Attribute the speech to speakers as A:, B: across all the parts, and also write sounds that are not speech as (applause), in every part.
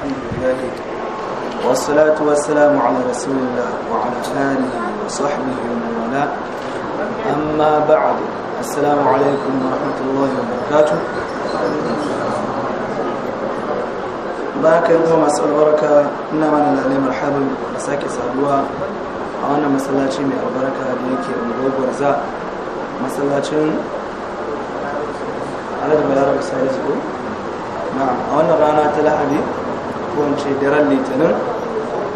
A: الحمد لله والصلاة والسلام على رسول الله وعلى آله وصحبه ومن والاه أما بعد السلام عليكم ورحمة الله وبركاته بارك الله مسألة البركة إنما أنا لأني مرحبا مساكي سألوها أنا مسألة شيمي البركة ليك يا مدوب ورزاء مسألة شيمي على جميع العرب السالس نعم أنا رانا تلاحدي ko in ce daren litinin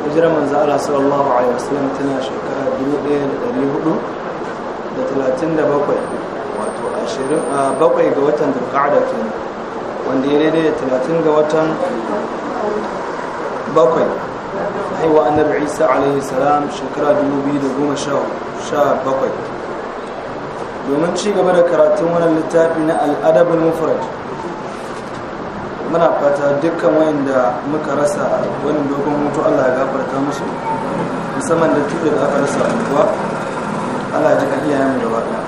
A: hijirar manzo Allah sallallahu alaihi wasallam tana shekara 1437 wato 27 ga watan Dhulqa'da kenan wanda ya daidai da 30 ga watan bakwai haiwa annabi Isa alaihi salam shekara 2017 domin ci gaba da karatun wannan littafi na al'adabin adabul muna fata dukkan wayanda muka rasa wani dogon hutu Allah ya gafarta musu musamman da tuɗe da aka rasa kuwa Allah ya jika iya mu gaba ɗaya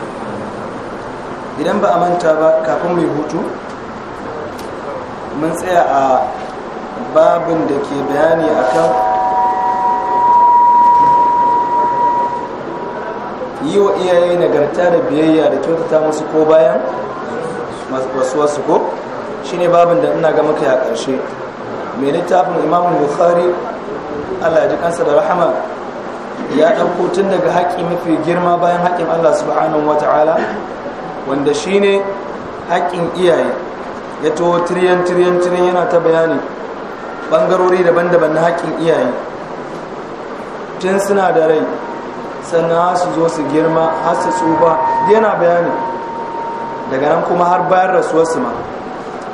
A: idan ba a manta ba kafin mai hutu mun tsaya a babin da ke bayani akan yi wa iyaye nagarta da biyayya da kyautata musu ko bayan masu wasu ko shine babin da ina ga muka ya karshe mai littafin imamu bukhari allah ya ji kansa da rahama ya ɗauko tun daga haƙƙi mafi girma bayan haƙƙin allah subhanahu wa ta'ala wanda shine haƙƙin iyaye ya to tiriyan tiriyan tiriyan yana ta bayani ɓangarori daban-daban na haƙƙin iyaye tun suna da rai sannan har su zo su girma har su tsufa yana bayani daga nan kuma har bayan rasuwarsu ma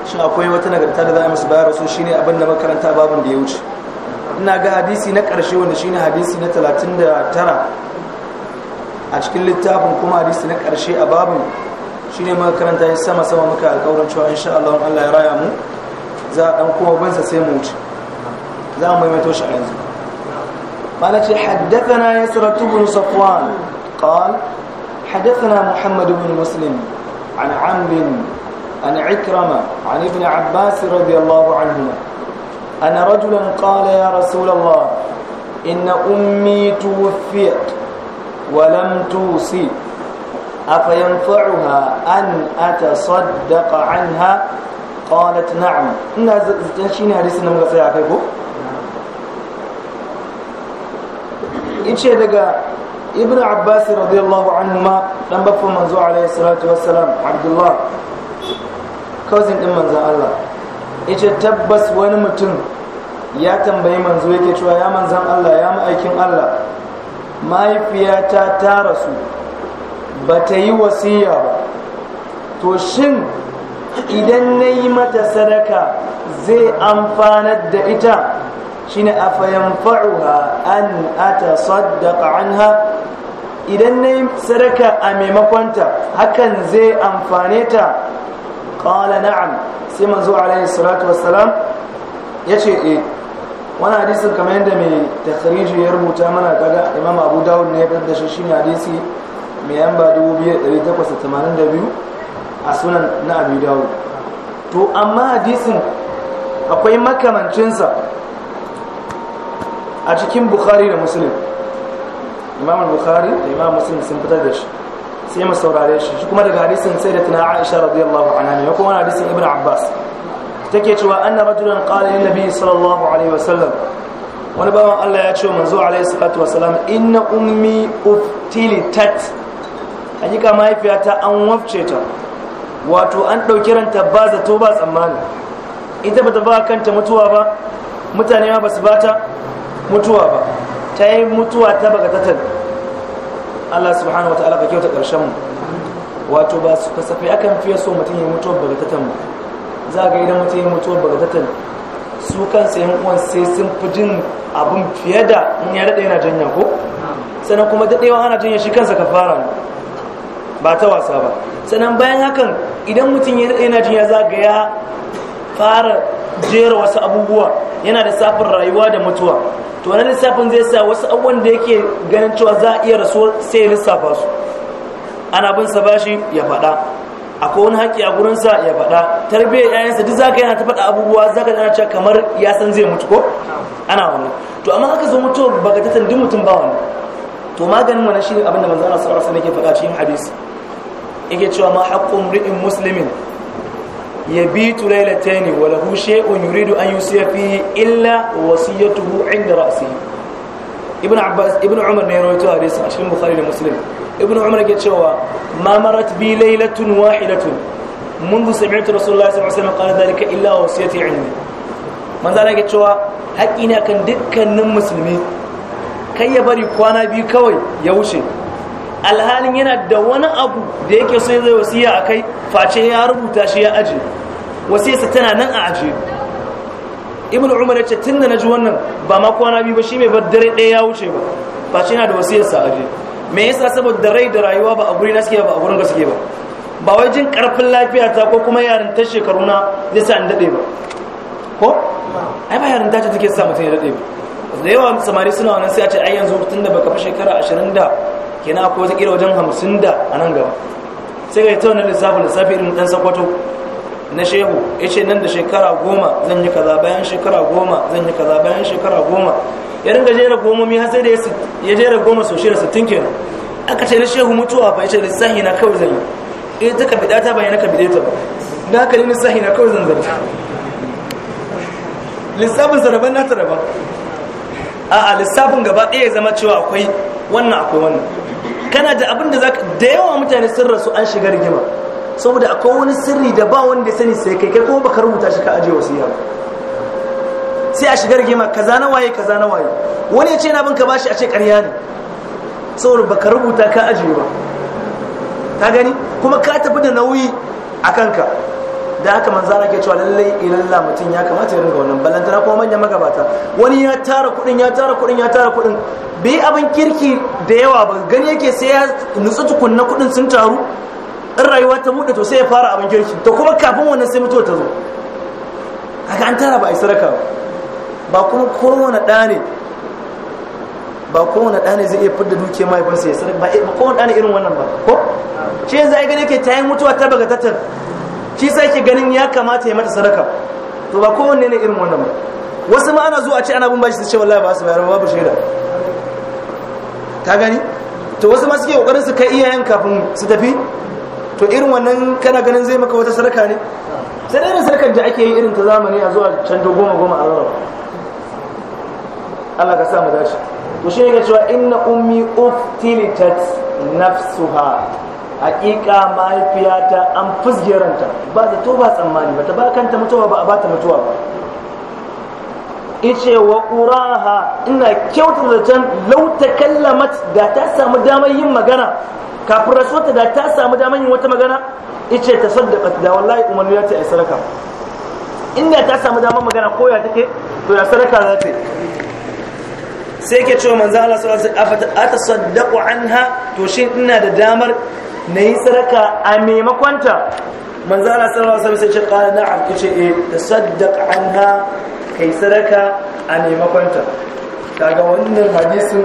A: shi akwai wata nagarta da za a musu bayar rasu shine abin da makaranta babin da ya wuce ina ga hadisi na ƙarshe wanda ne hadisi na 39 a cikin littafin kuma hadisi na ƙarshe a babin shine makaranta ya sama sama muka alƙawarin cewa insha Allah Allah ya raya mu za a ɗan kuma bansa sai mu wuce za mu maimaito shi a yanzu malaci haddathana yasra ibn safwan قال حدثنا محمد بن muslim. عن عمرو عن عكرمة عن ابن عباس رضي الله عنهما أن رجلا قال يا رسول الله إن أمي توفيت ولم توصي أفينفعها أن أتصدق عنها قالت نعم إن شيني حديثنا من غسيا كيفو إيشي دقا ابن عباس رضي الله عنهما لم بفهم منزوع عليه الصلاة والسلام عبد الله cousin din manzan Allah yace tabbas wani mutum ya tambayi manzo yake cewa ya manzan Allah ya ma'aikin Allah mahaifiyata ta rasu ba ta yi wasiya ba to shin idan na yi mata sadaka zai amfanar da ita shine a fa'uha an ata saddaka anha idan na yi sadaka a maimakonta hakan zai amfane ta qala na'am sai manzo alaihi salatu wassalam yace eh wani hadisin kamar yadda mai takhriji ya rubuta mana kaga imam abu dawud ne ya da shi shine hadisi mai yamba 2882 a sunan na abu dawud to amma hadisin akwai makamancinsa a cikin bukhari da muslim imam bukhari da imam muslim sun fitar da shi sai mu saurare shi shi kuma daga hadisin sai da aisha radiyallahu anha ne kuma hadisin ibnu abbas take cewa anna rajulan qala lin nabi sallallahu alaihi wasallam wani bawan Allah ya ce manzo alaihi salatu wasalam inna ummi uftilitat hakika mahaifiyata an wafce ta wato an dauki ranta ba zato ba tsammani ita bata ba kanta mutuwa ba mutane ma basu bata mutuwa ba ta yi mutuwa ta bagatatan Allah subhanahu ta'ala ka kyauta karshen mu wato ba su kasafai akan fiye so mutum ya mutuwar bagatatan ba za ga idan mutum ya mutuwar bagatatan su sai yan uwan sai sun fi jin abin fiye da in ya daɗe yana janya ko sannan kuma daɗewa ana janya shi kansa ka fara ba ta wasa ba sannan bayan hakan idan mutum ya daɗe yana janya za ga ya fara jera wasu abubuwa yana da safin rayuwa da mutuwa to wani lissafin zai sa wasu abubuwan da yake ganin cewa za a iya rasuwar sai ya lissafa su ana bin sa bashi ya faɗa akwai wani haƙƙi a gurinsa ya faɗa tarbiyyar yayansa duk zaka yana ta faɗa abubuwa zaka yana cewa kamar ya san zai mutu ko ana wannan to amma haka zo mutuwa baka ta tandi mutum ba wannan to maganin wannan shine abinda manzo Allah sallallahu alaihi wasallam yake faɗa cikin hadisi yake cewa ma haqqu ri'in muslimin yabitu laylatayn wa lahu shay'un yuridu an yusiya fihi illa wasiyatuhu 'inda ra'sihi ibn abbas ibn umar ne rawaito hadisi a cikin bukhari da muslim ibn umar yake cewa ma marat bi laylatun wahidatun منذ سمعت رسول الله alaihi الله عليه وسلم قال ذلك الا وصيتي علمي من ذلك yake cewa haƙi ne kan dukkanin musulmi kai ya bari kwana biyu kawai ya wuce alhalin yana da wani abu da yake so zai wasiya a kai face ya rubuta shi ya aje wasiyarsa tana nan a aje ibn umar ya ce tun da na ji wannan ba ma kwana biyu ba shi mai bar dare ɗaya ya wuce ba face yana da wasiyarsa a aje me yasa saboda rai da rayuwa ba a guri na suke ba a gurin da suke ba ba wai jin karfin lafiya ta ko kuma yarin ta shekaru na zai sa in daɗe ba ko ai ba yarin ta ce take sa mutum ya daɗe ba da yawa samari suna wannan sai a ce ai yanzu tun da baka fi shekara ashirin da kina akwai ta kira wajen hamsin da a nan gaba sai ga ta wani lissafi lissafi irin ɗan sakwato na shehu ya ce nan da shekara goma zan yi kaza bayan shekara goma zan yi kaza bayan shekara goma ya ringa jera gomomi har sai da ya jera goma sau shida sittin kenan aka ce na shehu mutuwa ba ya ce lissafi na kawai zan yi ita eh, ka bidata ba na ka bidata ba na ka yi lissafi na kawai zan zarta lissafin zaraban na ta raba? a'a lissafin gaba ɗaya ya zama cewa akwai wannan akwai wannan kana da abin da zaka da yawa mutane sun rasu an shiga rigima saboda akwai wani sirri da ba wanda ya sani sai kai kai kuma baka rubuta shi ka aje wasiya sai a shiga rigima kaza na waye kaza na waye wani ya ce na bin ka bashi a ce ƙarya ne saboda baka rubuta ka aje ba ta gani kuma ka tafi da nauyi a kanka da haka manzo Allah ke cewa lallai ilalla mutum ya kamata ya ringa wannan balantana kuma manyan magabata wani ya tara kudin ya tara kudin ya tara kudin bai abin kirki da yawa ba gani yake sai ya nutsu na kudin sun taru in rayuwa ta buɗe to sai ya fara abin kirki to kuma kafin wannan sai mutuwa ta zo aka an tara ba a yi sadaka ba kuma kowane ɗa ne ba kowane ɗa ne zai iya fidda duke mahaifinsa ya sadaka ba kowane ɗa ne irin wannan ba ko shi yanzu ai gani yake ta yi mutuwa ta baga tattar shi sai ke ganin ya kamata ya mata sadaka to ba kowanne ne irin wannan ba wasu ma ana zuwa ce ana bin bashi su ce wallahi ba su bayar babu shaida Ta gani to wasu ma suke kokarin su kai iyayen kafin su tafi to irin wannan kana ganin zai maka wata sadaka ne sai da irin sadakar da ake yi irin ta zamani a zuwa can da goma goma a rarraba Allah ka sa mu dace to shi ne ga cewa inna ummi uftilitat nafsuha haƙiƙa mahaifiyata an fusgeranta ba to ba tsammani ba ta ba kanta mutuwa ba a ba ta mutuwa ba ice wa ƙuraha ina kyauta da can lauta kallamat da ta samu damar yin magana kafin rasuwarta da ta samu damar yin wata magana ice ta saddaka da wallahi umarni ya ce a saraka inda ta samu damar magana ko ya take to ya saraka za ta sai ke cewa manzo Allah sallallahu alaihi wasallam a ta saddaqu anha to shin ina da damar na yi sadaka a maimakonta manzo Allah sallallahu alaihi da sai qala na'am kace eh tasaddaq anha kai sadaka a maimakonta daga wannan hadisin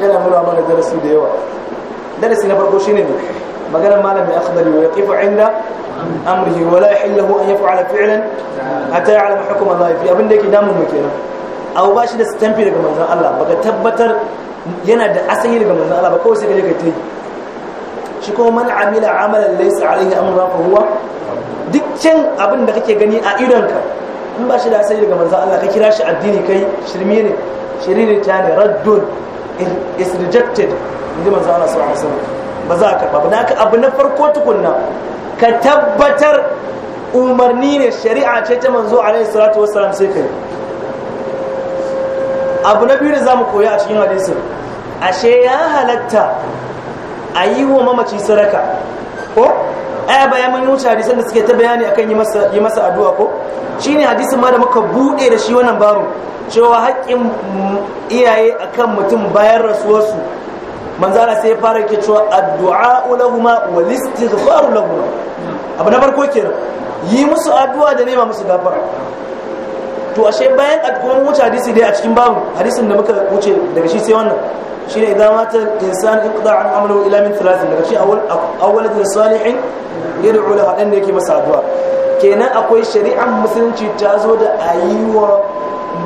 A: yana mura mana darasi da yawa darasi na farko shine ne maganar malami ya kudari wa yaqifu inda amrihi wa la yahillu an a fi'lan hatta ya'lam hukm Allah fi abin da yake damun mu kenan abu ba shi da stampi daga manzan Allah baka tabbatar yana da asali daga manzan Allah ba kawai sai ka je ka tayi shi kuma man amila amalan laysa alaihi amrun fa huwa duk can abin da kake gani a idonka in ba shi da sai daga manzon Allah ka kira shi addini kai shirme ne shiriri ta ne raddun is rejected inda manzon Allah sallallahu alaihi wasallam ba za ka ba naka abu na farko tukunna ka tabbatar umarni ne shari'a ce ta manzo alaihi salatu wassalam sai kai abu na biyu da zamu koya a cikin hadisin ashe ya halatta a yi wa mamaci sadaka ko aya bayan mun wuce hadisan da suke ta bayani akan yi masa addu'a ko shine hadisin ma da muka bude da shi wannan baro cewa haƙƙin iyaye akan mutum bayan rasuwarsu Manzara sai ya fara ke cewa addu'a lahuma wal istighfar lahuma abu na farko kenan yi musu addu'a da nema musu gafara to ashe bayan mun wuce hadisi dai a cikin babu hadisin da muka wuce daga shi sai wannan shine idan mata in inqida an amalu ila min thalathin daga shi awal awal da salihin yad'u lahu dan da yake masa addu'a kenan akwai shari'ar musulunci ta zo da ayiwa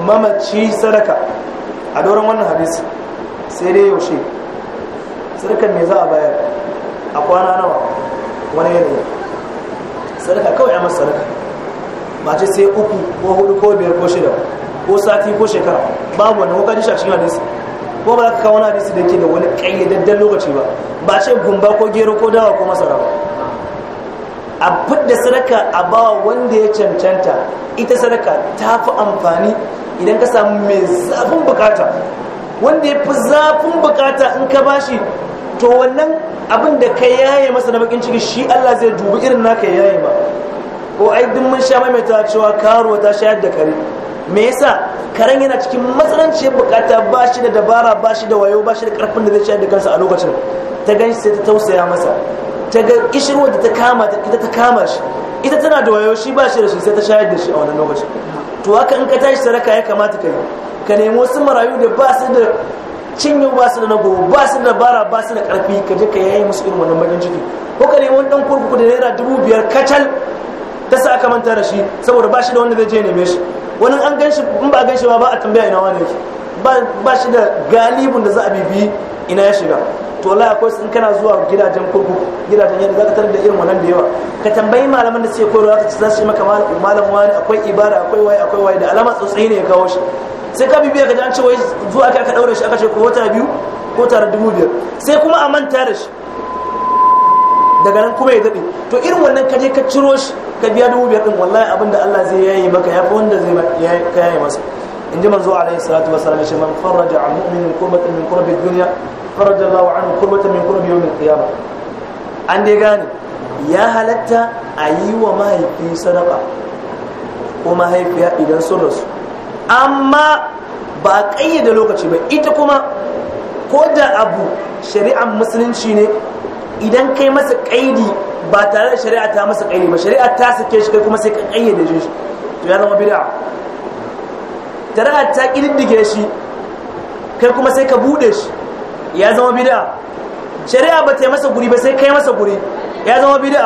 A: mamaci sadaka a doron wannan hadisi sai dai yaushe sadakar me za a bayar a kwana nawa wani yanayi sadaka kawai a masa sadaka ba ce sai uku ko hudu ko biyar ko shida ko sati ko shekara babu wani ko kaji shi a cikin hadisi ko ba za ka kawo wani hadisi da ke da wani ƙayyadadden lokaci ba ba ce gumba ko gero ko dawa ko masara ba a fidda sadaka a bawa wanda ya cancanta ita sadaka ta fi amfani idan ka samu mai zafin bukata wanda ya fi zafin bukata in ka bashi to wannan abin da ka yaye masa na bakin ciki shi Allah zai dubi irin naka yaye ba ko ai duk mun sha maimaita cewa karo ta shayar da kare me yasa karen yana cikin matsananciyar bukata ba shi da dabara ba shi da wayo ba shi da karfin da zai shayar da kansa a lokacin ta gan sai ta tausaya masa ta ga kishirwar da ta kama ita ta kama shi ita tana da wayo shi ba shi da shi sai ta shayar da shi a wannan lokacin to haka in ka tashi sadaka ya kamata ka yi ka nemo su marayu da ba su da cinye ba su da nago ba su da bara ba su da karfi ka je ka yayi musu irin wannan bakin ciki ko ka nemi dan kurkuku da naira dubu biyar kacal ta sa aka manta da shi saboda ba shi da wanda zai je neme shi wani an gan shi in ba a gan shi ba a tambaya ina wani ba shi da galibin da za a bibi ina ya shiga to Allah akwai sun kana zuwa gidajen kurku gidajen yadda za ka tarar da irin wannan da yawa ka tambayi malaman da suke koyarwa ka ci za su yi maka malam wani akwai ibada akwai waye akwai waye da alama tsotsayi ne ya kawo shi sai ka bibiya ka ji an ce wai zuwa kai ka daure shi aka ce ko wata biyu ko tare dubu biyar sai kuma a manta da shi daga nan kuma ya daɗe to irin wannan ka je ka ciro shi ka biya dubu biyar din wallahi abin da Allah zai yayi maka yafi wanda zai ka yayi masa in ji manzo alaihi salatu wasallam shi man faraja an mu'minin kurbatan min kurbi dunya faraja Allahu anhu kurbatan min kurbi yawmil qiyama an dai gane ya halatta a yi wa mahaifi sadaka ko mahaifiya idan sun rasu amma ba a ƙayyade lokaci ba ita kuma ko da abu shari'ar musulunci ne idan kai masa ƙaidi ba tare da shari'a ta masa kaini ba shari'a ta sake shi kai kuma sai ka kayyade shi to ya zama bid'a shari'a ta kididdige shi kai kuma sai ka bude shi ya zama bid'a shari'a ba ta yi masa guri ba sai kai masa guri ya zama bid'a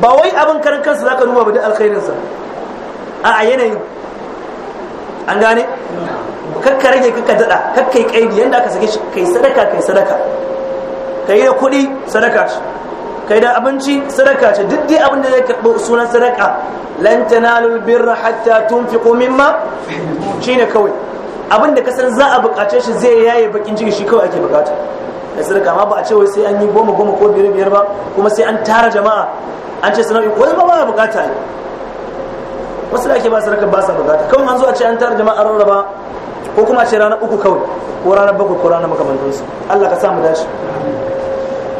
A: ba wai abin karan kansa zaka duba ba da sa a a yanayin an gane kakka rage kakka dada kakka yi kaidi yanda aka sake shi kai sadaka kai sadaka kai da kuɗi sadaka shi kai da abinci sadaka ce duk dai abin da zai karɓo sunan sadaka lan tanalul birra hatta tunfiqu mimma shine kawai abin da kasan za a buƙace shi zai yaye bakin ciki shi kawai ake buƙata da sadaka amma ba a ce wai sai an yi goma goma ko biyar biyar ba kuma sai an tara jama'a an ce sana'o'i wani ba ba buƙata ne wasu da ake ba sadaka ba sa buƙata kawai an zo a ce an tara jama'a rarraba ko kuma a ce ranar uku kawai ko ranar bakwai ko ranar makamantansu Allah ka sa mu dace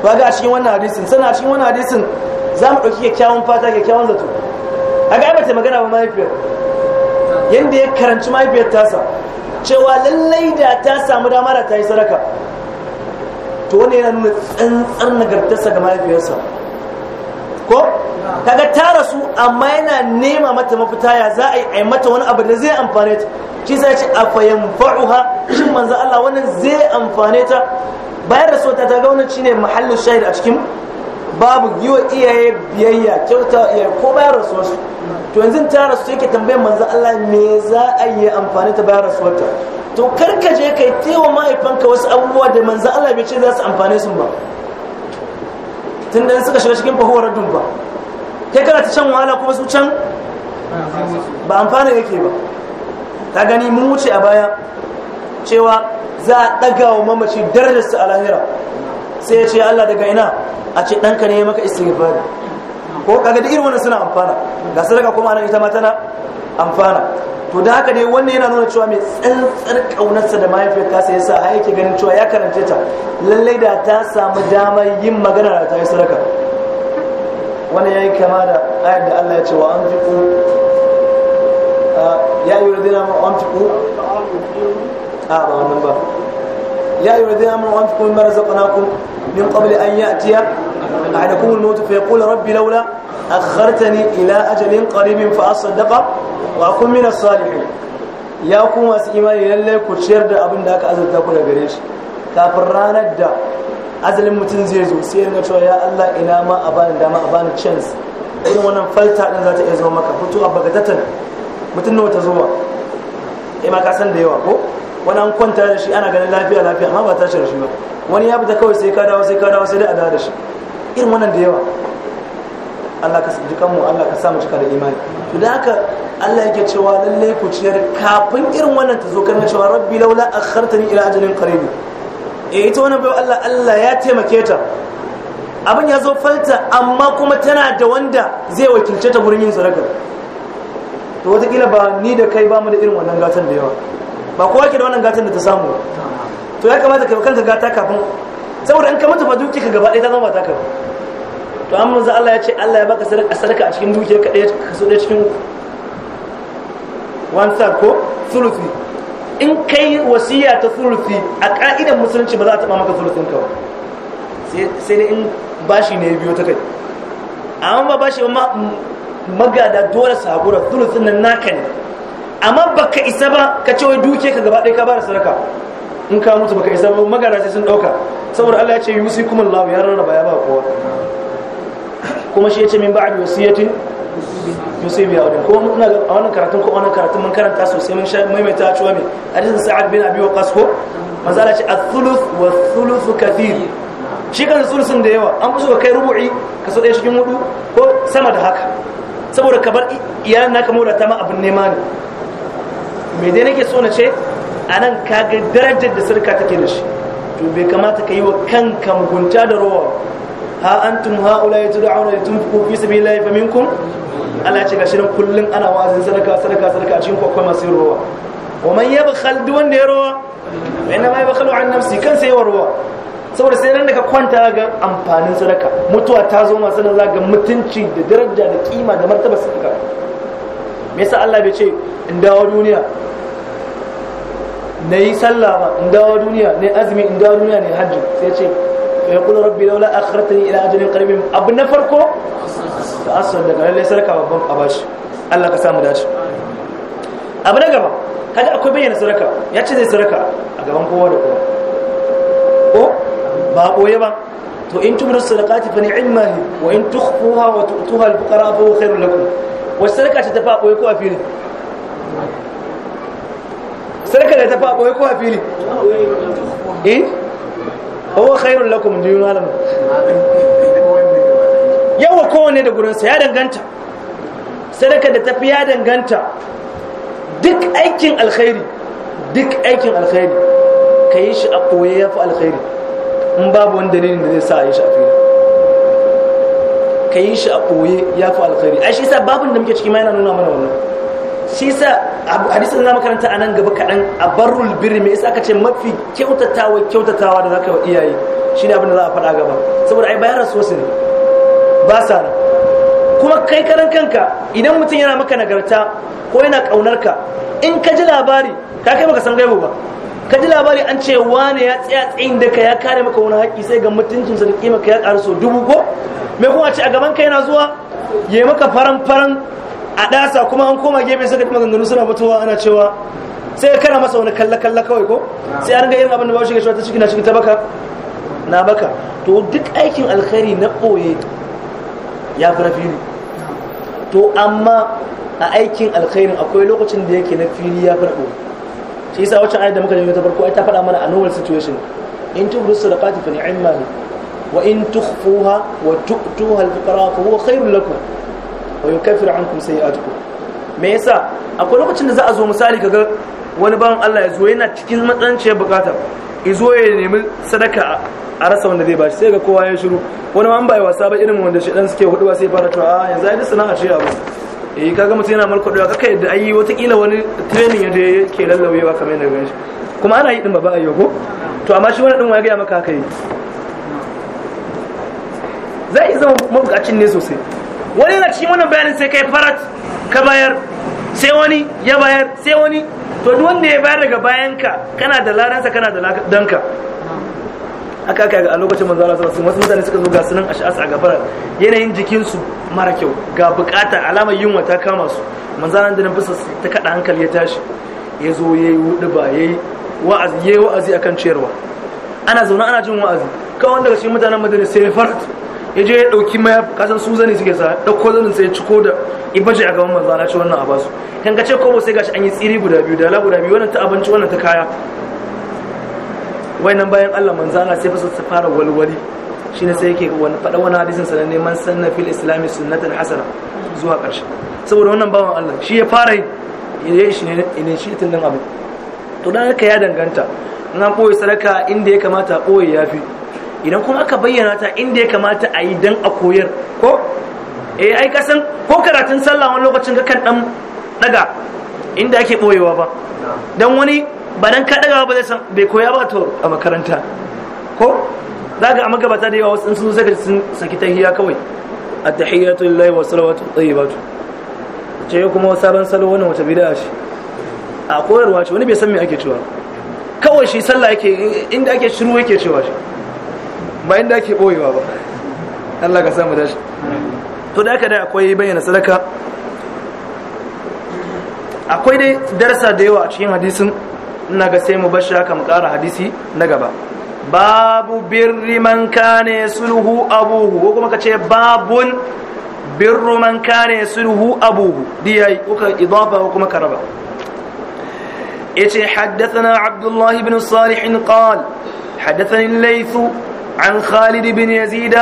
A: ba ga a cikin wannan hadisin sana a cikin wannan hadisin za mu ɗauki kyakkyawan fata kyakkyawan zato a ga ba magana ba mahaifiyar yadda ya karanci mahaifiyar tasa cewa lallai da ta samu dama da ta yi sadaka to wani yana nuna tsantsar nagartarsa ga mahaifiyarsa ko kaga ta rasu amma yana nema mata mafita ya za a yi mata wani abu da zai amfane ta Kisa sai ce a fayan shin manzo Allah wannan zai amfane ta Bayar bayan rasuwa ta gauna wannan shine mahallin shahid a cikin babu yi iyaye biyayya kyauta iya ko bayar da su to yanzu ta rasu yake tambayar manzan Allah me za a yi amfani ta bayar da ta to karkaje kai tewa mahaifanka wasu abubuwa da manzan Allah bai ce za su amfane su ba tun da suka shiga cikin fahuwar dumba kai kana ta can wahala kuma su can ba amfana yake ba ta gani mun wuce a baya cewa za a ɗaga wa mamaci darajarsa a lahira sai ya ce Allah daga ina a ce ɗanka ne ya maka istighfari ko kaga duk irin wannan suna amfana ga sadaka kuma anan ita ma tana amfana to da haka dai wannan yana nuna cewa mai tsantsar kaunarsa da mahaifiyar ta sai sa har yake ganin cewa ya karance ta lallai da ta samu damar yin magana da ta yi sadaka wannan yayi kama da ayar da Allah ya ce wa anfiqu ya ayyuhallazina amanu anfiqu a ba wannan ba ya yi wadda yamma wa anfiqu mimma razaqnakum min qabli an ya'tiya ahadakum al-maut fa kula rabbi laula a akhartani ila ajalin qaribin fa asaddaqa wa akun min as-salihin ya ku masu imani lalle ku ciyar da abin da aka azurta ku da gare shi kafin ranar da azalin mutum zai zo sai yana cewa ya Allah ina ma a bani dama a bani chance irin wannan falta din za ta iya zama maka fito a bagatatan mutum nawa ta zuwa ma ma ka san da yawa ko wani an kwanta da shi ana ganin lafiya lafiya amma ba tashi da shi ba wani ya fita kawai sai ka dawo sai ka dawo sai dai a da shi irin wannan da yawa Allah ka ji kanmu Allah ka samu cika da imani to da haka Allah yake cewa lalle ku ciyar kafin irin wannan ta zo kana cewa rabbi laula akhartani ila ajalin qareeb eh ita wannan bai Allah Allah ya taimake ta abin ya zo falta amma kuma tana da wanda zai wakilce ta gurin yin sadaka to kila ba ni da kai ba mu da irin wannan gatan da yawa ba kowa ke da wannan gatan da ta samu to ya kamata ka kanka gata kafin saboda in ka mutu fa duki ka gaba ɗaya ta zama ta ka to an manzo Allah ya ce Allah ya baka sadaka sadaka a cikin dukiya ka ɗaya kaso ɗaya cikin one third ko thuluthi in kai wasiya ta thuluthi a ka'idan musulunci ba za a taɓa maka thuluthin ka ba sai dai in bashi ne biyo ta kai amma ba bashi ba magada dole sabura thuluthin nan naka ne amma baka isa ba ka ce wai duke ka gaba ɗaya ka bada sadaka in ka mutu baka isa ba magana sai sun ɗauka saboda Allah ya ce yusi kuma Allah ya rarraba ya ba kowa kuma shi ya ce min ba'ad wasiyatin yusi biya wadin kuma muna a wannan karatun ko wannan karatun mun karanta sosai mun maimaita cewa me hadisin sa'ad bin abi waqas ko manzo ce ath-thuluth wa thuluth kathir shi kan sulusun da yawa an fi so ka kai rubu'i ka so ɗaya cikin hudu ko sama da haka saboda ka bar iyalin naka mawada ta ma abin nema ne Mai dai nake so na ce a nan kaga darajar da sarka take da shi to bai kamata ka yi wa kanka mugunta da rowa ha antum haula ya tudu auna ya tun fi su bai laifin minkum ala ce gashi nan ana wazin sadaka sadaka sadaka a cikin kwakwai masu yin rowa wa man yaba khaldu wanda ya rowa wa inna ma yabkhalu an nafsi kan sai wa rowa saboda sai nan daga kwanta ga amfanin sadaka mutuwa ta zo masu nan zaga mutunci da daraja da kima da martaba sadaka me yasa Allah bai ce in dawo duniya na yi sallah ba in dawo duniya ne yi azumi in dawo duniya ne hajji sai ce fa ya kula rabbi laula akhartani ila ajalin qaribin abu na farko ta asar daga lalle sarka babban a bashi Allah ka samu dace abu na gaba kaga akwai bayyana sarka ya ce zai sarka a gaban kowa da kowa ko ba koye ba to in tumru sadaqati fa ni'ma hi wa in tukhfuha wa tu'tuha al-fuqara fa huwa khairun lakum wasu sarka ce ta fa koye ko a fili sarka da ta faɓo ko a fili eh huwa khairun lakum dinu alam yawa kowane da gurinsa ya danganta sadaka da ta fi ya danganta duk aikin alkhairi duk aikin alkhairi ka yi shi a koye ya fi alkhairi in babu wani dalilin da zai sa a yi shi a fili ka yi shi a koye ya fi alkhairi a shi sa babin da muke ciki ma yana nuna mana wannan shi sa hadisin na makaranta a nan gaba kaɗan a barul birni mai isa aka ce mafi kyautatawa kyautatawa da za ka iyaye shi ne abinda za a faɗa gaba saboda ai bayan rasuwa su ne ba sa ne. kuma kai karan kanka idan mutum yana maka nagarta ko yana ƙaunar ka in ka ji labari ka kai maka san gaibu ba ka ji labari an ce wane ya tsaya tsayin da ka ya kare maka wani haƙƙi sai ga mutuncinsa da kima ka ya ƙara so dubu ko me kuma ce a gaban ka yana zuwa ya maka faran faran a ɗasa kuma an koma gefe suka ji maganganu suna fitowa ana cewa sai kana masa wani kalla kalla kawai ko sai an ga irin abin da ba shi ga ta ciki na ciki ta baka na baka to duk aikin alkhairi na ɓoye ya fi na fili to amma a aikin alkhairin akwai lokacin da yake na fili ya fi na ɓoye shi yasa wacce ayat da muka nemi ta farko ai ta faɗa mana a normal situation in tubdu sadaqati fa ni'ma wa in tukhfuha wa tu'tuha al-fuqara fa huwa khairul lakum wa yukaffiru ankum sayi'atukum me yasa akwai lokacin da za a zo misali kaga wani bawan Allah ya zo yana cikin matsananciyar bukata izo ya nemi sadaka a rasa wanda zai bashi sai ga kowa ya shiru wani ma an bai wasa ba irin wanda shi dan suke hudu ba sai fara to a yanzu ai duk sana'a ce abu eh kaga mutum yana da kaka yadda wata kila wani training ya yake lallawewa kamar yadda ganin shi kuma ana yi din ba ba ayyo ko to amma shi wani din ya ga maka haka yi zai zama mabukacin ne sosai wani yana cikin wannan bayanin sai kai farat ka bayar sai wani ya bayar sai wani to duk wanda ya bayar daga bayanka kana da ladansa kana da ladanka aka kai a lokacin manzo Allah sallallahu alaihi wasu mutane suka zo ga sunan ash'as a gafara yanayin jikinsu mara kyau ga bukata alamar yunwa ta kama su manzo Allah dinin nan fusa ta kada hankali ya tashi ya zo yayi ba yayi wa'azi yayi wa'azi akan ciyarwa ana zaune ana jin wa'azi kawai wanda daga cikin mutanen madina sai ya farta ya je ya ɗauki mayaf kasan su zane suke sa ɗauko zanin sai ciko da ibaji a gaban manzana ce wannan a basu tangace kobo sai gashi an yi tsiri guda biyu da guda biyu wannan ta abinci wannan ta kaya nan bayan allah manzana sai fasa ta fara walwali shi ne sai yake wani faɗa wani hadisin sa na neman sanna fil islami sunnatan hasana zuwa ƙarshe saboda wannan bawan allah shi ya fara yi shi ne shi tun abin to dan haka ya danganta in an sadaka inda ya kamata a ɓoye ya fi idan kuma aka bayyana ta inda ya kamata a yi dan a koyar ko eh ai kasan ko karatun sallah wani lokacin ka kan dan daga inda ake boyewa ba don wani ba dan ka daga ba zai san bai koya ba to a makaranta ko za ga a magabata da yawa wasu sun saka sun saki tahiyya kawai ta at-tahiyatu lillahi wa salawatu to ce kuma sabon salo wani wata bid'a shi a koyarwa ce wani bai san me ake cewa kawai shi sallah yake inda ake shiru yake cewa shi ba inda ake boyewa ba Allah ka samu dashi to da aka dai akwai bayyana sadaka akwai dai darasa da yawa a cikin hadisin ina ga sai mu bashi haka mu ƙara hadisi na gaba babu birri man kane sulhu abuhu ko kuma ka ce babun birru man kane sulhu abuhu diyai ko ka idafa ko kuma karaba yace haddathana abdullahi ibn salih qal haddathani laythu عن خالد بن يزيد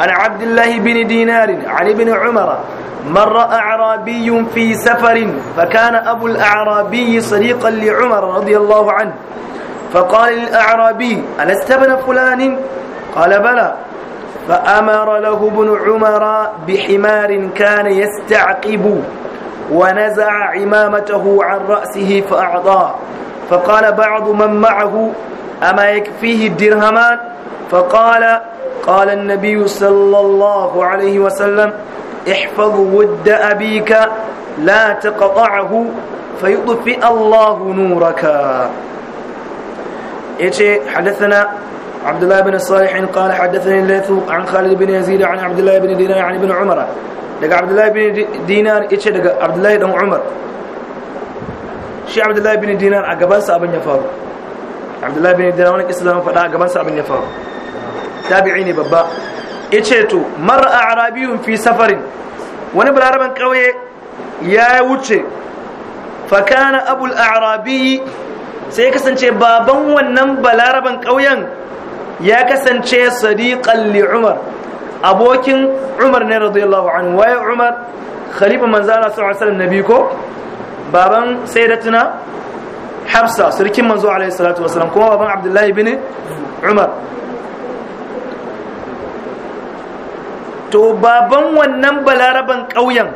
A: عن عبد الله بن دينار عن ابن عمر مر أعرابي في سفر فكان أبو الأعرابي صديقا لعمر رضي الله عنه فقال الأعرابي ألست ابن فلان قال بلى فأمر له ابن عمر بحمار كان يستعقب ونزع عمامته عن رأسه فأعطاه فقال بعض من معه أما يكفيه الدرهمان فقال قال النبي صلى الله عليه وسلم احفظ ود أبيك لا تقطعه فيطفئ الله نورك إيش حدثنا عبد الله بن الصالح قال حدثني الليث عن خالد بن يزيد عن عبد الله بن دينار عن ابن عمر دق عبد الله بن دينار إيش دق عبد الله بن عمر شي عبد الله بن دينار gabansa سأبن ya عبد الله بن دينار wani kisa zama faɗa a tabi'i ne babba yace to mar a'rabiyun fi safarin wani balaraban ƙauye ya wuce fa kana abul a'rabi sai kasance baban wannan balaraban ƙauyen, ya kasance sadiqan li umar abokin umar ne radiyallahu anhu waye umar khalifa manzo Allah sallallahu alaihi wasallam nabi ko baban sayyidatina hafsa sarkin manzo alaihi salatu wasallam kuma baban abdullahi bin umar to baban wannan balaraban ƙauyen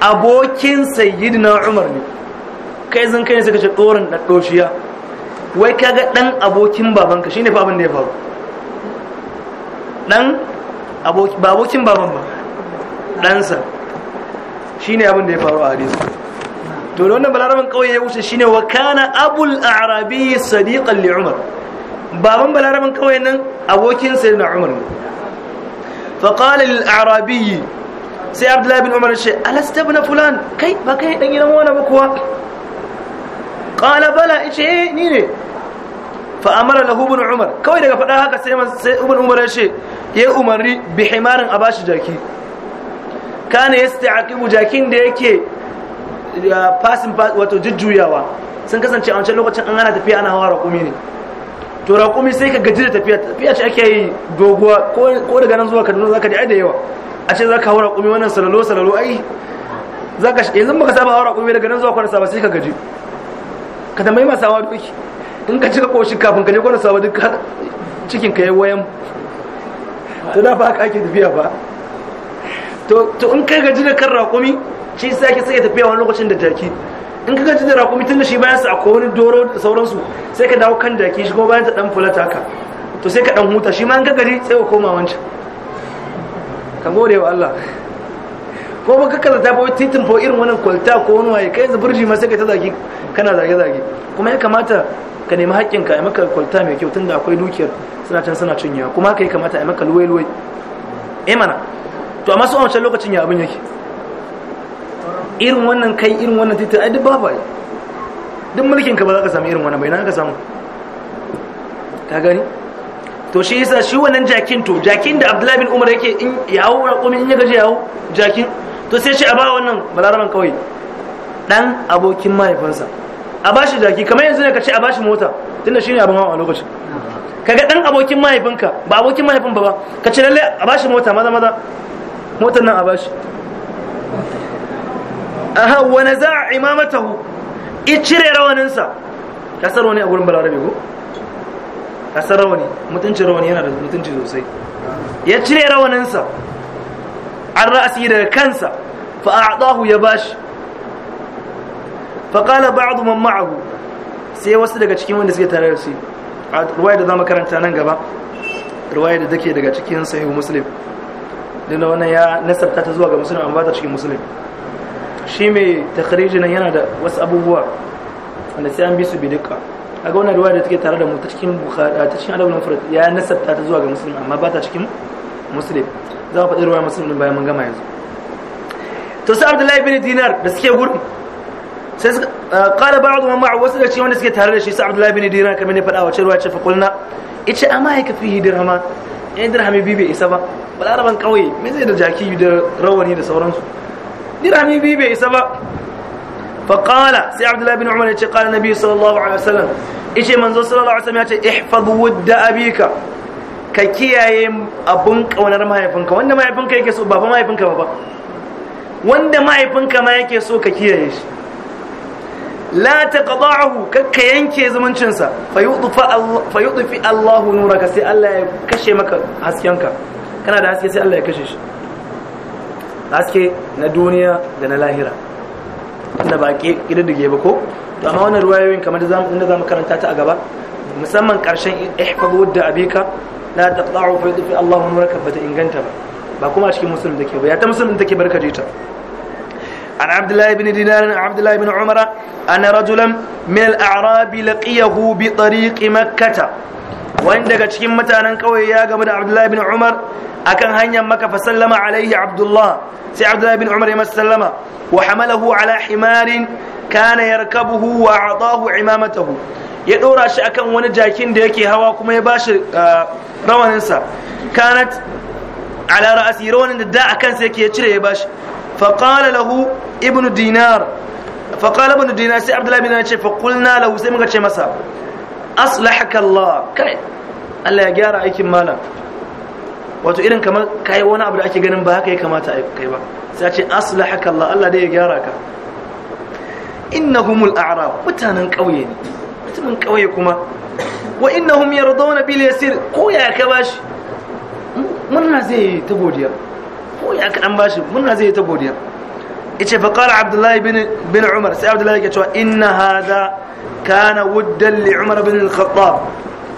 A: abokin na umar ne kai zan kai suka ce ɗorin ɗaɗɗoshiya wai kaga ɗan abokin babanka shi fa abin da ya faru ɗan abokin baban ba ɗansa shi ne abin da ya faru a hadisu to da wannan balaraban ƙauye ya wuce shi ne wa kana abul arabi sadiqan li umar baban balaraban ƙauye nan abokin sai na umar ne faƙalar al'arabi sai abdullahi bin umar ce alasta na fulan kai ba kai ɗan gidan wani ba kuwa ƙala bala ice eh ni ne fa'amara lahu bin umar kawai daga faɗa haka sai ibn umar ya ce ya umarni bi himarin a bashi jaki kana ya sta'aqibu jakin da yake fasin wato jujjuyawa sun kasance a wancan lokacin an hana tafiya ana hawa raƙumi ne to raƙumi sai ka gaji da tafiya tafiya ce ake yi doguwa ko daga nan zuwa kaduna za ka ji ai da yawa a ce za ka hau raƙumi wannan salalo salalo ai za ka yanzu muka saba hau raƙumi daga nan zuwa kwana saba sai ka gaji ka tambayi masu hawa doki in ka cika koshin kafin ka je kwana saba duk cikin ka yi wayan to da ba ka ake tafiya ba to in kai gaji da kan raƙumi shi sai ake sai tafiya wani lokacin da jaki in ka gaji da rakumi tun da shi su a wani doro da sauransu sai ka dawo kan jaki shi kuma bayan ta dan fulata ka to sai ka dan huta shi ma in ka gaji sai ka koma wancan ka gode wa Allah ko ba kakka ta fa titin fa irin wannan kwalta ko wani waye kai zuburji ma sai ka ta zagi kana zage zage kuma ya kamata ka nemi haƙƙin ka ai maka kwalta mai kyau tunda akwai dukiyar suna can suna cinyewa kuma haka ya kamata ai maka luwai luwai eh mana to amma su a wancan lokacin ya abin yake irin wannan kai irin wannan titi a duk babu duk mulkin ka ba za ka samu irin wannan bai na ka samu ka gani to shi yasa shi wannan jakin to jakin da Abdullahi bin Umar yake in yawo raƙumi in ya gaje yawo jakin to sai shi a ba wannan balaraman kawai dan abokin mahaifinsa a ba shi jaki kamar yanzu ne ka ce a ba shi mota tunda ne abin hawa a lokacin kaga dan abokin mahaifinka ba abokin mahaifin ba ba ka ce lalle a ba shi mota maza maza motar nan a ba shi aha wa naza'a imamatahu i cire rawaninsa kasar wani a gurin balarabe ko kasar rawani mutuncin rawani yana da mutunci sosai ya cire rawaninsa an ra'asi daga kansa fa a'dahu ya bashi fa qala ba'd man ma'ahu sai wasu daga cikin wanda suke tare da su a ruwaya da zamu karanta nan gaba ruwaya da take daga cikin sahih muslim dinna wannan ya nasarta ta zuwa ga muslim amma ba ta cikin muslim shi mai takarici nan yana da wasu abubuwa wanda sai an bi su bi a ga wannan riwaya da take tare da mu ta cikin bukhari ta cikin adabul mufrad ya nasabta ta zuwa ga musulmi amma ba ta cikin muslim za mu faɗi ruwa musulmi bayan mun gama yanzu to sai abdullahi bin dinar da suke gurin sai eh, qala ba'd wa ma'a wasu da shi wanda suke tare da shi sai abdullahi bin dinar kamar ne faɗa wa riwaya ce fa kulna ice amma yake fihi dirhama ɗaya eh, dirhami biyu isa ba balaraban kauye me zai da jaki da rawani da sauransu dirhami biyu bai isa ba faƙala sai abdullahi bin umar ya ce ƙala nabi sallallahu alaihi wasallam Ishe manzo sallallahu alaihi wasallam ya ce ihfaz wudda abika ka kiyaye abun kaunar mahaifinka wanda mahaifinka yake so ba fa mahaifinka ba wanda mahaifinka ma yake so ka kiyaye shi la taqda'ahu kakka yanke zumuncin sa fa yudfi Allahu nuraka sai Allah ya kashe maka haskenka kana da haske sai Allah ya kashe shi haske na duniya da na lahira inda ba ke ƙididdige ba ko to amma wannan ruwayoyin kamar da zamu inda zamu karanta ta a gaba musamman karshen ihfazu da abika la taqta'u fi yudfi Allahu amraka bata inganta ba ba kuma a cikin musulmi take ba ya ta musulmi take barka jita. an abdullahi ibn dinar an abdullahi ibn umara ana rajulan min al-a'rab laqiyahu bi tariq makkah wani daga cikin mutanen kauye ya gamu da abdullahi ibn umar akan hanyar maka fa sallama alaihi abdullah sai abdullah bin umar ya masa sallama wa hamalahu ala himarin kana yarkabuhu wa a'tahu imamatahu ya dora shi akan wani jakin da yake hawa kuma ya bashi uh, rawanin sa kanat ala ra'asi rawanin da da akan sai yake ya cire ya bashi fa qala lahu ibnu dinar fa qala ibnu dinar sai abdullah bin ya ce fa qulna lahu sai muka ce masa aslahaka allah kai Allah ya gyara aikin malam wato irin kamar kai wani abu da ake ganin ba haka ya kamata a kai ba sai a ce aslahaka Allah Allah dai ya gyara ka innahumul a'rab mutanen kauye ne mutumin ƙauye kuma wa innahum yardawna bil yasir ko ya ka bashi murna zai ta godiya ko ya ka dan bashi murna zai ta godiya yace fa qala abdullahi bin bin umar sai abdullahi ya cewa inna hada kana wuddan li umar bin al-khattab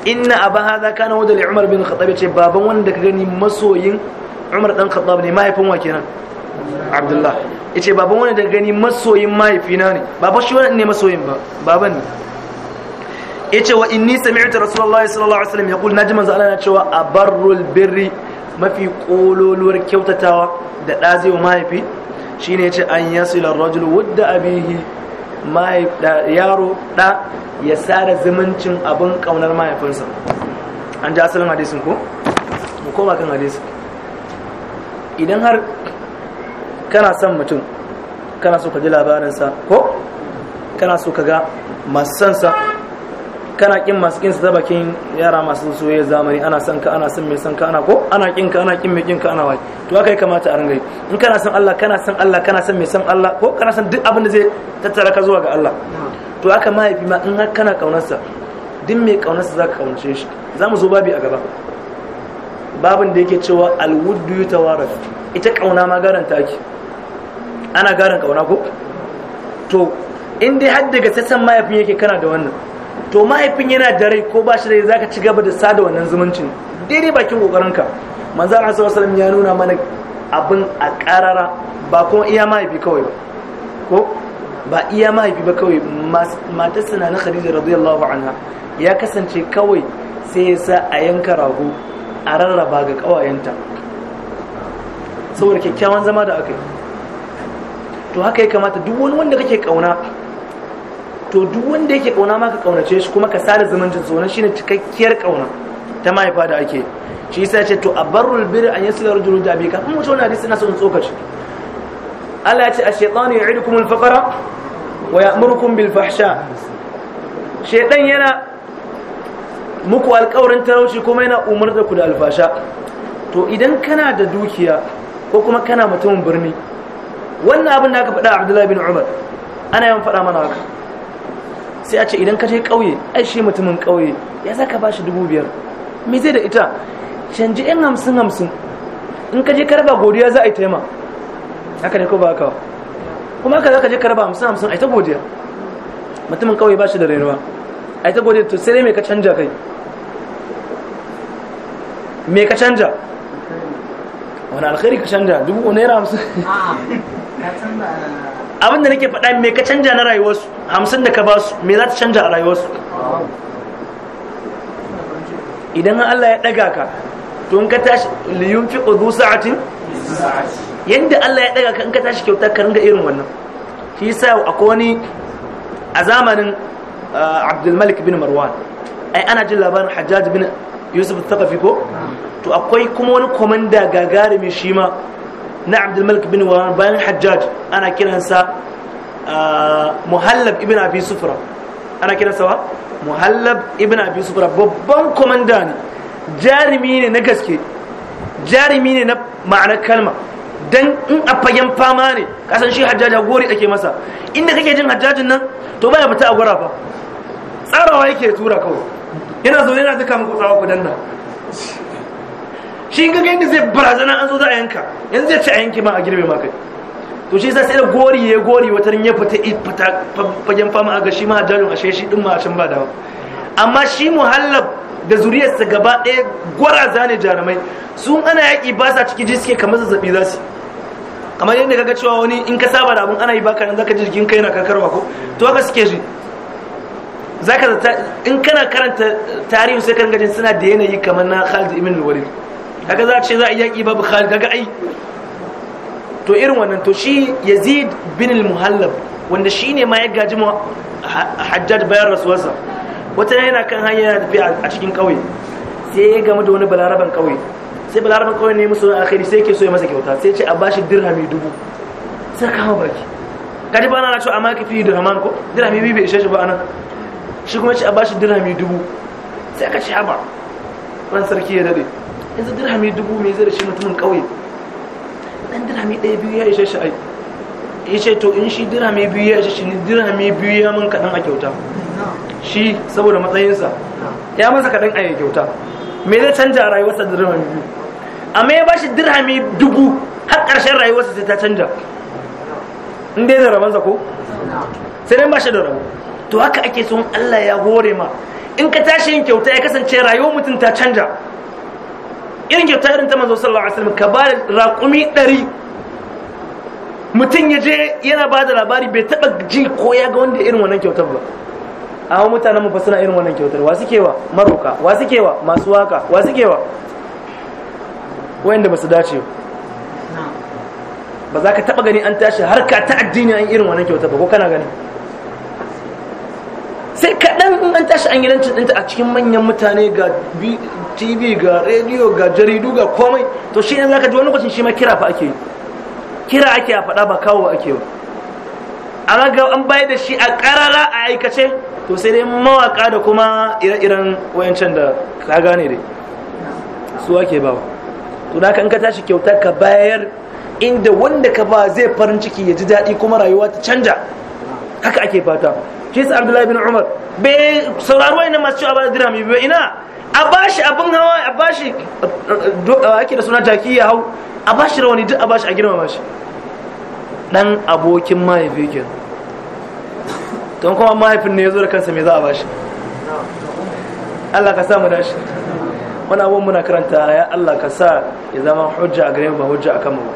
A: inna abu haza kana wadda umar bin khattab ce baban wanda ka gani masoyin umar dan khattab ne mahaifin wa kenan abdullah ya ce baban wanda ka gani masoyin mahaifina ne baban shi wani ne masoyin ba baban ne ya ce wa inni sami'tu rasulullah sallallahu alaihi wasallam yaqul naji manzo Allah na cewa abarrul birri mafi kololuwar kyautatawa da da zai mahaifi shine ya ce an yasila ar-rajulu wadda abihi yaro da ya sada zumuncin abin kaunar mahaifinsa an ji asalin hadisin ko? mu koma kan hadisin idan har kana son mutum kana so ka ji labarinsa ko kana so ka ga masu sansa kana kin masu kin ta bakin yara masu soyayya zamani ana son ka ana son mai son ka ana ko ana kin ka ana kin mai kin ka ana wai to haka ya kamata a ringa in kana son Allah kana son Allah kana son mai son Allah ko kana son duk abin da zai tattara ka zuwa ga Allah to haka mahaifi ma in har kana kaunarsa duk mai kaunarsa zaka kaunce shi za mu zo babi a gaba babin da yake cewa alwuddu yutawarad ita kauna ma garanta ake ana garan kauna ko to in dai har daga sassan mahaifin yake kana da wannan to mahaifin yana da rai ko ba shi da zaka ci gaba da sada wannan zumuncin daidai bakin kokarinka manzo Allah sallallahu alaihi wasallam ya nuna mana abin a karara ba kuma iya mahaifi kawai ba ko ba iya mahaifi ba kawai sana na Khadija radiyallahu anha ya kasance kawai sai ya sa a yanka rago a rarraba ga kawayenta saboda kyakkyawan zama da aka yi to haka ya kamata duk wani wanda kake kauna to duk wanda yake kauna ma ka kaunace shi kuma ka sada zumuncin tsoron shine cikakkiyar kauna ta mahaifa da ake shi yasa ce to abarrul bir an yasila rajulun da bika in mutum na na son tsokaci Allah ya ce ash shaytan ya'idukum al-faqra wa ya'murukum bil fahsha shaytan yana muku alƙawarin talauci kuma yana da ku da alfasha to idan kana da dukiya ko kuma kana mutumin birni wannan abin da aka faɗa Abdullahi bin Umar ana yawan faɗa mana haka sai a ce idan ka je ƙauye ai shi mutumin ƙauye ya za ka ba shi dubu biyar me zai da ita canji yan hamsin hamsin in ka je karba godiya za a yi taima haka ne ko ba haka kuma haka za ka je karba hamsin hamsin a yi ta godiya mutumin ƙauye ba shi da rainuwa a yi ta godiya to sai dai me ka canja kai me ka canja wani alkhairi ka canja dubu naira hamsin abin da nake faɗa me ka canja na rayuwarsu hamsin da ka ba su me za ta canja a rayuwarsu idan Allah ya ɗaga ka to in ka tashi liyun fi ƙudu sa'atin yadda Allah ya ɗaga ka in ka tashi kyauta ka ringa irin wannan shi sa akwai wani a zamanin uh, Abdulmalik bin Marwan ai ana jin labarin Hajjaj bin Yusuf ta ko to akwai kuma wani komanda gagarumi shi ma na abdulmalik bin waran bayan hajjaj ana kiransa uh, muhallab ibn abi sufra ana kiransa wa muhallab ibn abi sufra babban komanda ne ne na gaske jarumi ne na ma'anar kalma dan in a fagen fama ne kasan shi hajjaja gori ake masa inda kake jin hajjajin nan to baya fita a gwara fa tsarawa yake tura kawai yana zaune yana duka muku tsawa ku danna shi ga gani zai barazana an zo za a yanka yanzu zai ci a yanki ma a girbe ma kai to shi sai da gori ya gori wata ya fita fita fagen fama a ga shi ma hajjalin a shi din ma a can ba dawa amma shi muhallab da sa gaba ɗaya gwaraza ne jarumai sun ana yaƙi ba sa ciki jiske kamar zazzaɓi za su kamar yadda kaga cewa wani in ka saba da abun ana yi baka nan zaka ji jikin kai na karkarwa ko to haka suke ji zaka in kana karanta tarihi sai kan gajin suna da yanayi kamar na Khalid ibn Walid kaga za a ce za a yaƙi babu khalid kaga ai to irin wannan to shi yazid bin al-muhallab wanda shi ne ma ya gaji mu hajjaj bayan rasuwarsa wata yana kan hanya yana tafiya a cikin ƙauye sai ya gamu da wani balaraban ƙauye sai balaraban ƙauye ne musu alkhairi sai ke so ya masa kyauta sai ce a bashi dirhami dubu sai kama baki kaji ba na cewa amma ka fiye da ko dirhami bibi ishe shi ba anan shi kuma ce a bashi dirhami dubu sai aka ci haba ran sarki ya dade yanzu dirhami dubu mai zai da shi mutumin ƙauye dan dirhami ɗaya biyu ya ishe shi ai ya ce to in shi dirhami biyu ya ishe shi ni dirhami biyu ya min kaɗan a kyauta shi saboda matsayinsa ya masa kaɗan a kyauta me zai canja a rayuwarsa dirhami biyu amma ya bashi dirhami dubu har ƙarshen rayuwarsa sai ta canja in dai da rabansa ko sai dai ba shi da rabo to haka ake son Allah ya hore ma in ka tashi yin kyauta ya kasance rayuwar mutum ta canja irin kyauta irin ta manzo sallallahu alaihi wasallam ka ba da raƙumi ɗari mutum ya je yana ba da labari bai taɓa ji ko ya ga wanda irin wannan kyautar ba a mutanen mu fa suna irin wannan kyautar wa suke wa maroka wa suke wa masu waka wa suke wa wayanda ba su dace ba za ka taɓa gani an tashi harka ta addini an irin wannan kyautar ba ko kana gani sai kaɗan an tashi an gidan cinta a cikin manyan mutane ga tv ga rediyo ga jaridu ga komai to shi ne za ji wani lokacin shi ma kira fa ake kira ake a faɗa ba kawo ba ake yi amma ga an bayar da shi a ƙarara a aikace to sai dai mawaƙa da kuma ire-iren wayancan da ka gane dai su ake bawa to da kan ka tashi kyauta ka bayar inda wanda ka ba zai farin ciki ya ji daɗi kuma rayuwa ta canja haka ake fata shi abdullahi bin umar bai sauraro ina masu cewa ba dirhami ba ina a bashi abin hawa a bashi eh, ake da suna taki ya hau a bashi rawani duk a bashi a girmama shi dan abokin mahaifi ke don kuma mahaifin ne ya zo da kansa me za a bashi Allah ka sa mu dashi wani abun muna karanta ya Allah ka sa ya zama hujja a gare mu ba hujja a kanmu ba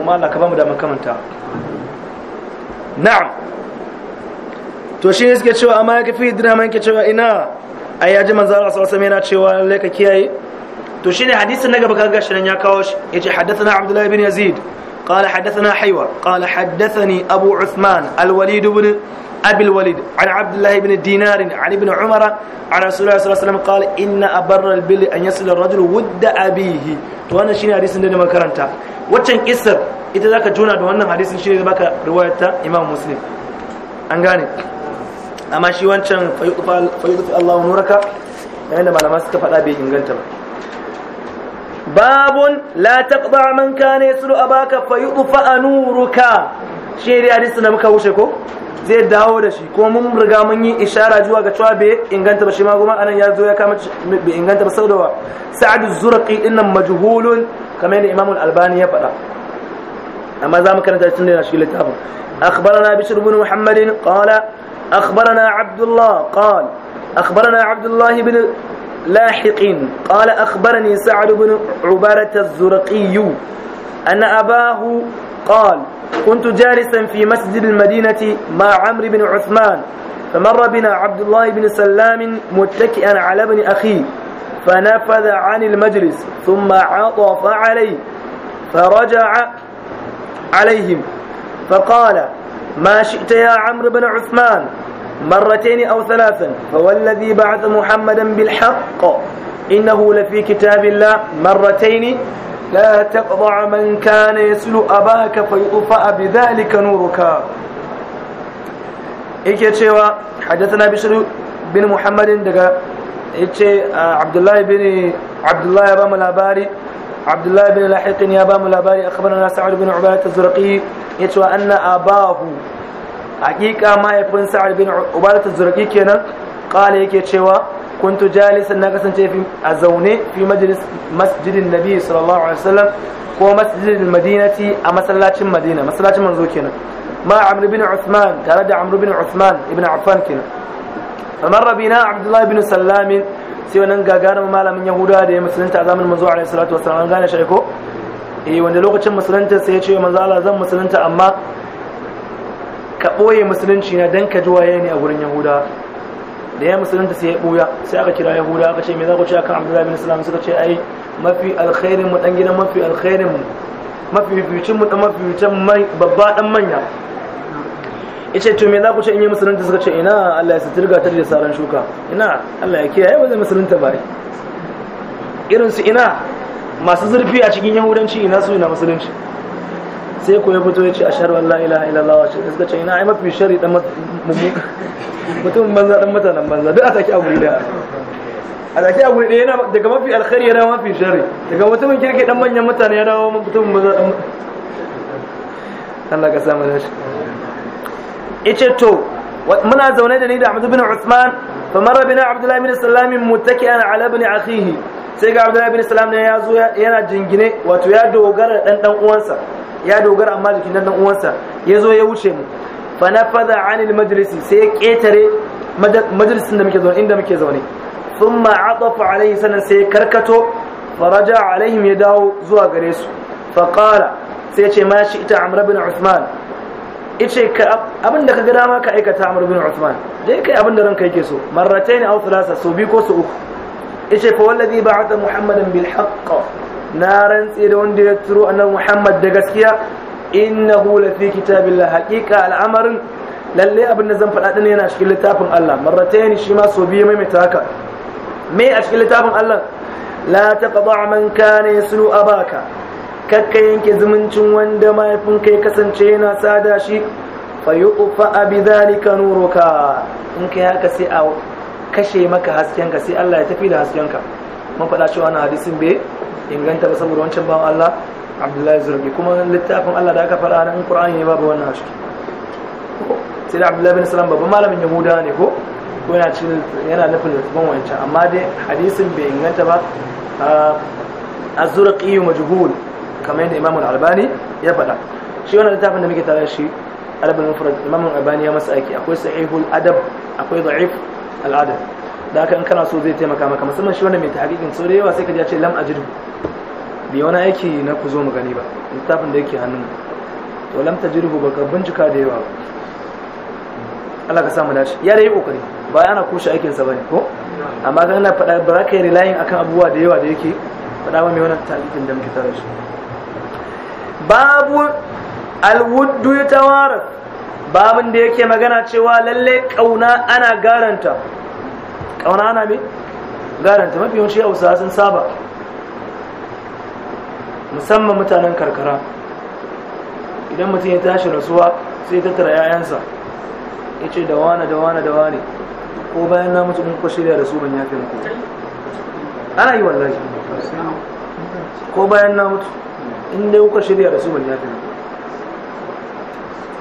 A: kuma Allah ka ba mu damar kamanta na'am to shi ne suke cewa amma ya kafi dirham yake cewa ina ai ya ji manzo Allah sallallahu alaihi wasallam yana cewa lalle ka kiyaye to shine hadisin na gaba kaga shi nan ya kawo shi yace hadathana abdullahi ibn Yazid قال حدثنا حيوة قال حدثني أبو عثمان الوليد بن أبي الوليد عن عبد الله بن دينار عن ابن عمر عن رسول الله صلى الله عليه وسلم قال إن أبر البل أن يصل الرجل ود أبيه تو شيني حديث دنا مكرنتا وتشن إسر إذا ذاك جونا wannan hadisin shine da baka riwayata Imam Muslim an amma shi wancan Allah wa nuraka yayin da malama suka faɗa bai inganta ba babun la taqba man kana yaslu abaka a nuruka shi dai hadisi da muka wuce ko zai dawo da shi ko mun riga mun yi ishara zuwa ga cewa bai inganta ba shi ma goma anan ya zo ya kama bai inganta ba saboda sa'ad az-zurqi dinnan majhulun kamar yadda imamul albani ya faɗa amma za mu karanta tun da shi littafin akhbarana bishr ibn muhammadin qala أخبرنا عبد الله قال أخبرنا عبد الله بن لاحق قال أخبرني سعد بن عبارة الزرقي أن أباه قال كنت جالسا في مسجد المدينة مع عمرو بن عثمان فمر بنا عبد الله بن سلام متكئا على ابن أخيه فنفذ عن المجلس ثم عطف عليه فرجع عليهم فقال ما شئت يا عمرو بن عثمان مرتين أو ثلاثا فوالذي بعث محمدا بالحق إنه لفي كتاب الله مرتين لا تقضع من كان يسل أباك فيطفأ بذلك نورك إيكي تشيوى حدثنا بشر بن محمد دقا إيكي عبد الله بن عبد الله يبام الأباري عبد الله بن لاحق يبام الأباري أخبرنا سعد بن عبادة الزرقي يتوى أن أباه hakika mahaifin sa'ad bin ubadat zurqi kenan qala yake cewa kuntu jalisan na kasance a zaune fi majlis masjidin nabi sallallahu alaihi wasallam ko masjidin madinati a masallacin madina masallacin manzo kenan ma amr bin usman tare da amr bin usman ibn affan kenan amar bina abdullahi bin sallam sai wannan gagarin malamin yahudawa da ya musulunta a zamanin manzo alaihi salatu wasallam gane shi ko eh wanda lokacin musulunta sai ya ce manzo Allah zan musulunta amma ka ɓoye musulunci na don ka ji waye ne a gurin yahuda da ya musulunta sai ya ɓuya sai aka kira yahuda aka ce me za ku ce akan abdullahi bin islam suka ce ai mafi alkhairin mu dan gidan mafi alkhairin mu mafi fificin mu dan mafi mai babba dan manya yace to me za ku ce in yi musulunta suka ce ina Allah ya sitirga ta da saran shuka ina Allah ya kiyaye ba zai musulunta ba irin su ina masu zurfi a cikin yahudanci ina su ina musulunci sai ku ya fito ya ce ashhadu an la ilaha illallah wa ashhadu suka ce ina ai mafi shari dan mutum banza dan mutanen banza duk a take a guri daya a take a guri daya yana daga mafi alkhari yana mafi shari daga mutumin kirki dan manyan mutane yana mutum banza dan Allah ka samu dashi ice to muna zaune da ni da Ahmad bin Uthman fa marra bina Abdullah bin Sallam muttaki'an ala ibn akhihi sai ga Abdullah bin Sallam ne ya zo yana jingine wato ya dogara dan dan uwansa ya dogara amma jikin dan uwansa ya zo ya wuce mu fa nafadha anil majlisi sai ya ketare majalisin da muke zaune inda muke zaune thumma atafa alaihi sanan sai karkato faraja alaihim ya dawo zuwa gare su fa qala sai ce ma shi ita amr bin usman ice ka abin da ga dama ka aikata amr bin usman dai kai abin da ranka yake so marratain aw thalatha so bi ko so uku yace fa wallazi ba'atha muhammadan bil haqq na rantse da wanda ya turo annabi Muhammad da gaskiya innahu la fi kitabillah haqiqa al'amarin lalle abin da zan faɗa din yana cikin littafin Allah marratayn shi ma so biye mai haka me a cikin littafin Allah la taqda man kana yasnu abaka kakka yanke zumuncin wanda mahaifin kai kasance yana sada shi fa yuqfa bi dhalika nuruka in kai haka sai a kashe maka haskenka sai Allah ya tafi da haskenka mun faɗa cewa wannan hadisin be. inganta ba saboda wancan bawan Allah Abdullahi Zurbi kuma littafin Allah da aka faɗa nan Qur'ani ne babu wannan a ciki sai da Abdullahi bin Salam babban malamin Yahuda ne ko ko yana cin yana nufin littafin wancan amma dai hadisin bai inganta ba Az-Zurqi majhul kamar yadda Imam Al-Albani ya faɗa shi wannan littafin da muke tare shi Al-Albani Imam Al-Albani ya masa aiki akwai Sahihul Adab akwai Da'if Al-Adab da haka in kana so zai taimaka maka musamman shi wanda mai tahqiqin so da yawa sai ka ji ce lam ajidu bi wani aiki na ku zo mu gani ba littafin da yake hannun to lam ba ka bincika da yawa Allah ka samu dashi ya dai kokari ba yana kushe aikin sa bane ko amma kan ina faɗa ba za ka yi relying akan abubuwa da yawa da yake faɗa ba mai wannan tahqiqin da muke tare shi babu alwuddu tawara babin da yake magana cewa lalle kauna ana garanta kauna ana me gadanta mafi yawanci wasu sun saba musamman mutanen karkara idan mutum ya tashi rasuwa sai ta tara yayansa ya ce da wane da wane da wane ko bayan na mutu kuka shirya da su ban ya fi muku ana yi wallahi ko bayan na mutu in dai kuka shirya da su ban ya fi muku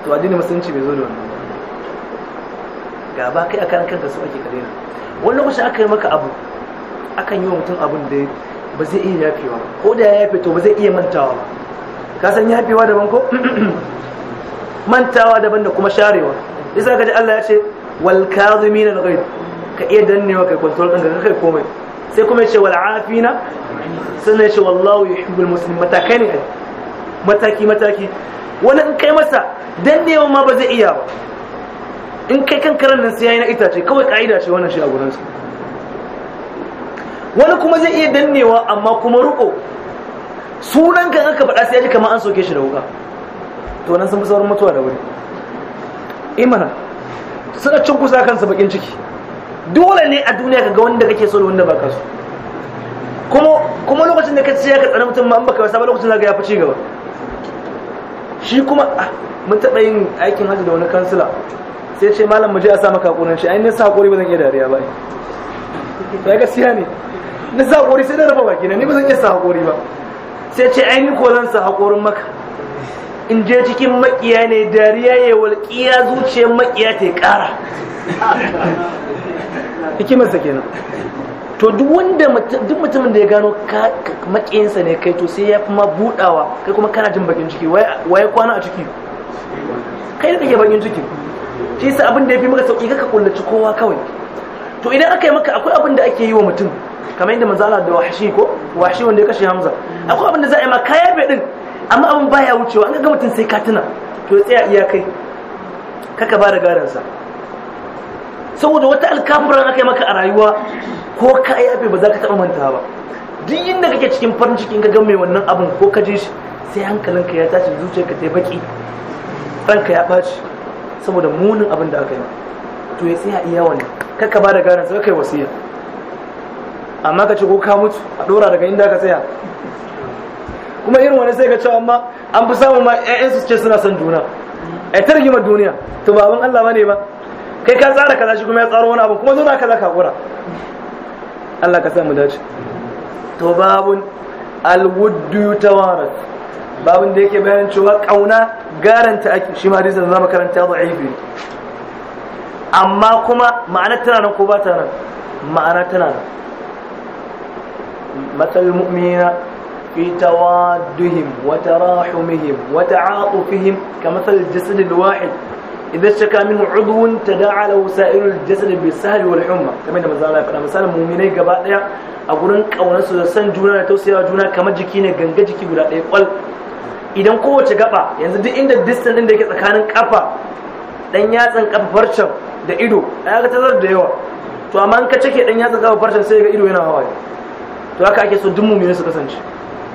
A: to addini musulunci bai zo da wannan gaba kai akan kanka su ake karena wani lokacin aka yi maka abu akan yi wa mutum abin da ba zai iya yafewa ko da ya yafe to ba zai iya mantawa ka san yafewa daban ko (clears throat) mantawa daban da kuma sharewa isa ka ji Allah ya ce wal kazimin al ghaib ka iya dannewa kai control ɗinka kai komai sai kuma ya ce wal afina sannan ya ce wallahu yuhibbul muslimin matakai ne mataki mataki wani in kai masa dannewa ma ba zai iya ba in kai kan karan nan sai yayi na itace kawai ka'ida ce wannan shi a gurin sa wani kuma zai iya dannewa amma kuma ruko sunan kan aka faɗa sai ya ji kamar an soke shi da wuka to nan sun fi saurin mutuwa da wuri imana eh suna cin kusa kansa bakin ciki dole ne a duniya ka ga wanda kake so da wanda baka so kuma kuma lokacin da ka ce ka tsana mutum ma an baka wasa lokacin lokacin ka ya fi cigaba shi kuma ah, mun taɓa yin aikin hajji da wani kansila sai ce malam mu je a sa maka hakurin shi ai na sa hakuri ba zan iya dariya ba ai gaskiya ne na sa hakuri sai da rufe baki na ni ba zan iya sa hakuri ba sai ce ai ni ko zan sa hakurin maka in je cikin makiya ne dariya ya walƙiya zuciyar makiya ta ƙara hikimarsa kenan to duk wanda duk mutumin da ya gano makiyinsa ne kai to sai ya fi ma buɗawa kai kuma kana jin bakin ciki waye kwana a ciki kai da kake bakin ciki shi sa abin da ya fi maka sauƙi ka kullaci kowa kawai to idan aka yi maka akwai abin da ake yi wa mutum kamar yadda manzala da wahashi ko wahashi wanda ya kashe hamza akwai abin da za a yi ma kaya bai din amma abin baya wucewa an ga mutum sai ka to ya tsaya iya kai kaka ba da sa saboda wata alkafuran aka yi maka a rayuwa ko ka yafe ba za ka taɓa manta ba duk inda kake cikin farin ciki in ka ga mai wannan abin ko ka je shi sai hankalinka ya tashi zuciyarka ta yi baki ranka ya ɓaci saboda munin abin da aka yi to ya tsaya iya wannan kakka ba da garin sai kai wasiya amma ka ce ko ka mutu a dora daga inda aka tsaya kuma irin wani sai ka cewa amma an fi samun ma ƴaƴan su ce suna son juna ai ta rigima duniya to ba abin Allah bane ba kai ka tsara kaza shi kuma ya tsaro wani abu kuma zo da kaza ka kura. Allah ka sa mu dace to babun alwuddu yutawarath babin da yake bayanin cewa kauna garanta ake shi ma rizan zama karanta da aibi amma kuma ma'ana tana nan ko ba ta nan ma'ana tana nan matsayin mu'mina fi tawadduhim wa tarahumihim wa ta'atufihim ka matsayin jasadin idan shaka min ta da'a lahu sa'irul jasad bi sahli wal kamar da manzo Allah mu'minai gaba daya a gurin kaunar su da san juna da tausayawa juna kamar jiki ne ganga jiki guda daya kwal idan kowace gaba yanzu duk inda distance din da yake tsakanin kafa dan yatsan kafa farcen da ido ya ga tazar da yawa to amma in ka cike dan yatsan kafa farcen sai ga ido yana hawaye to haka ake so duk mu'mini su kasance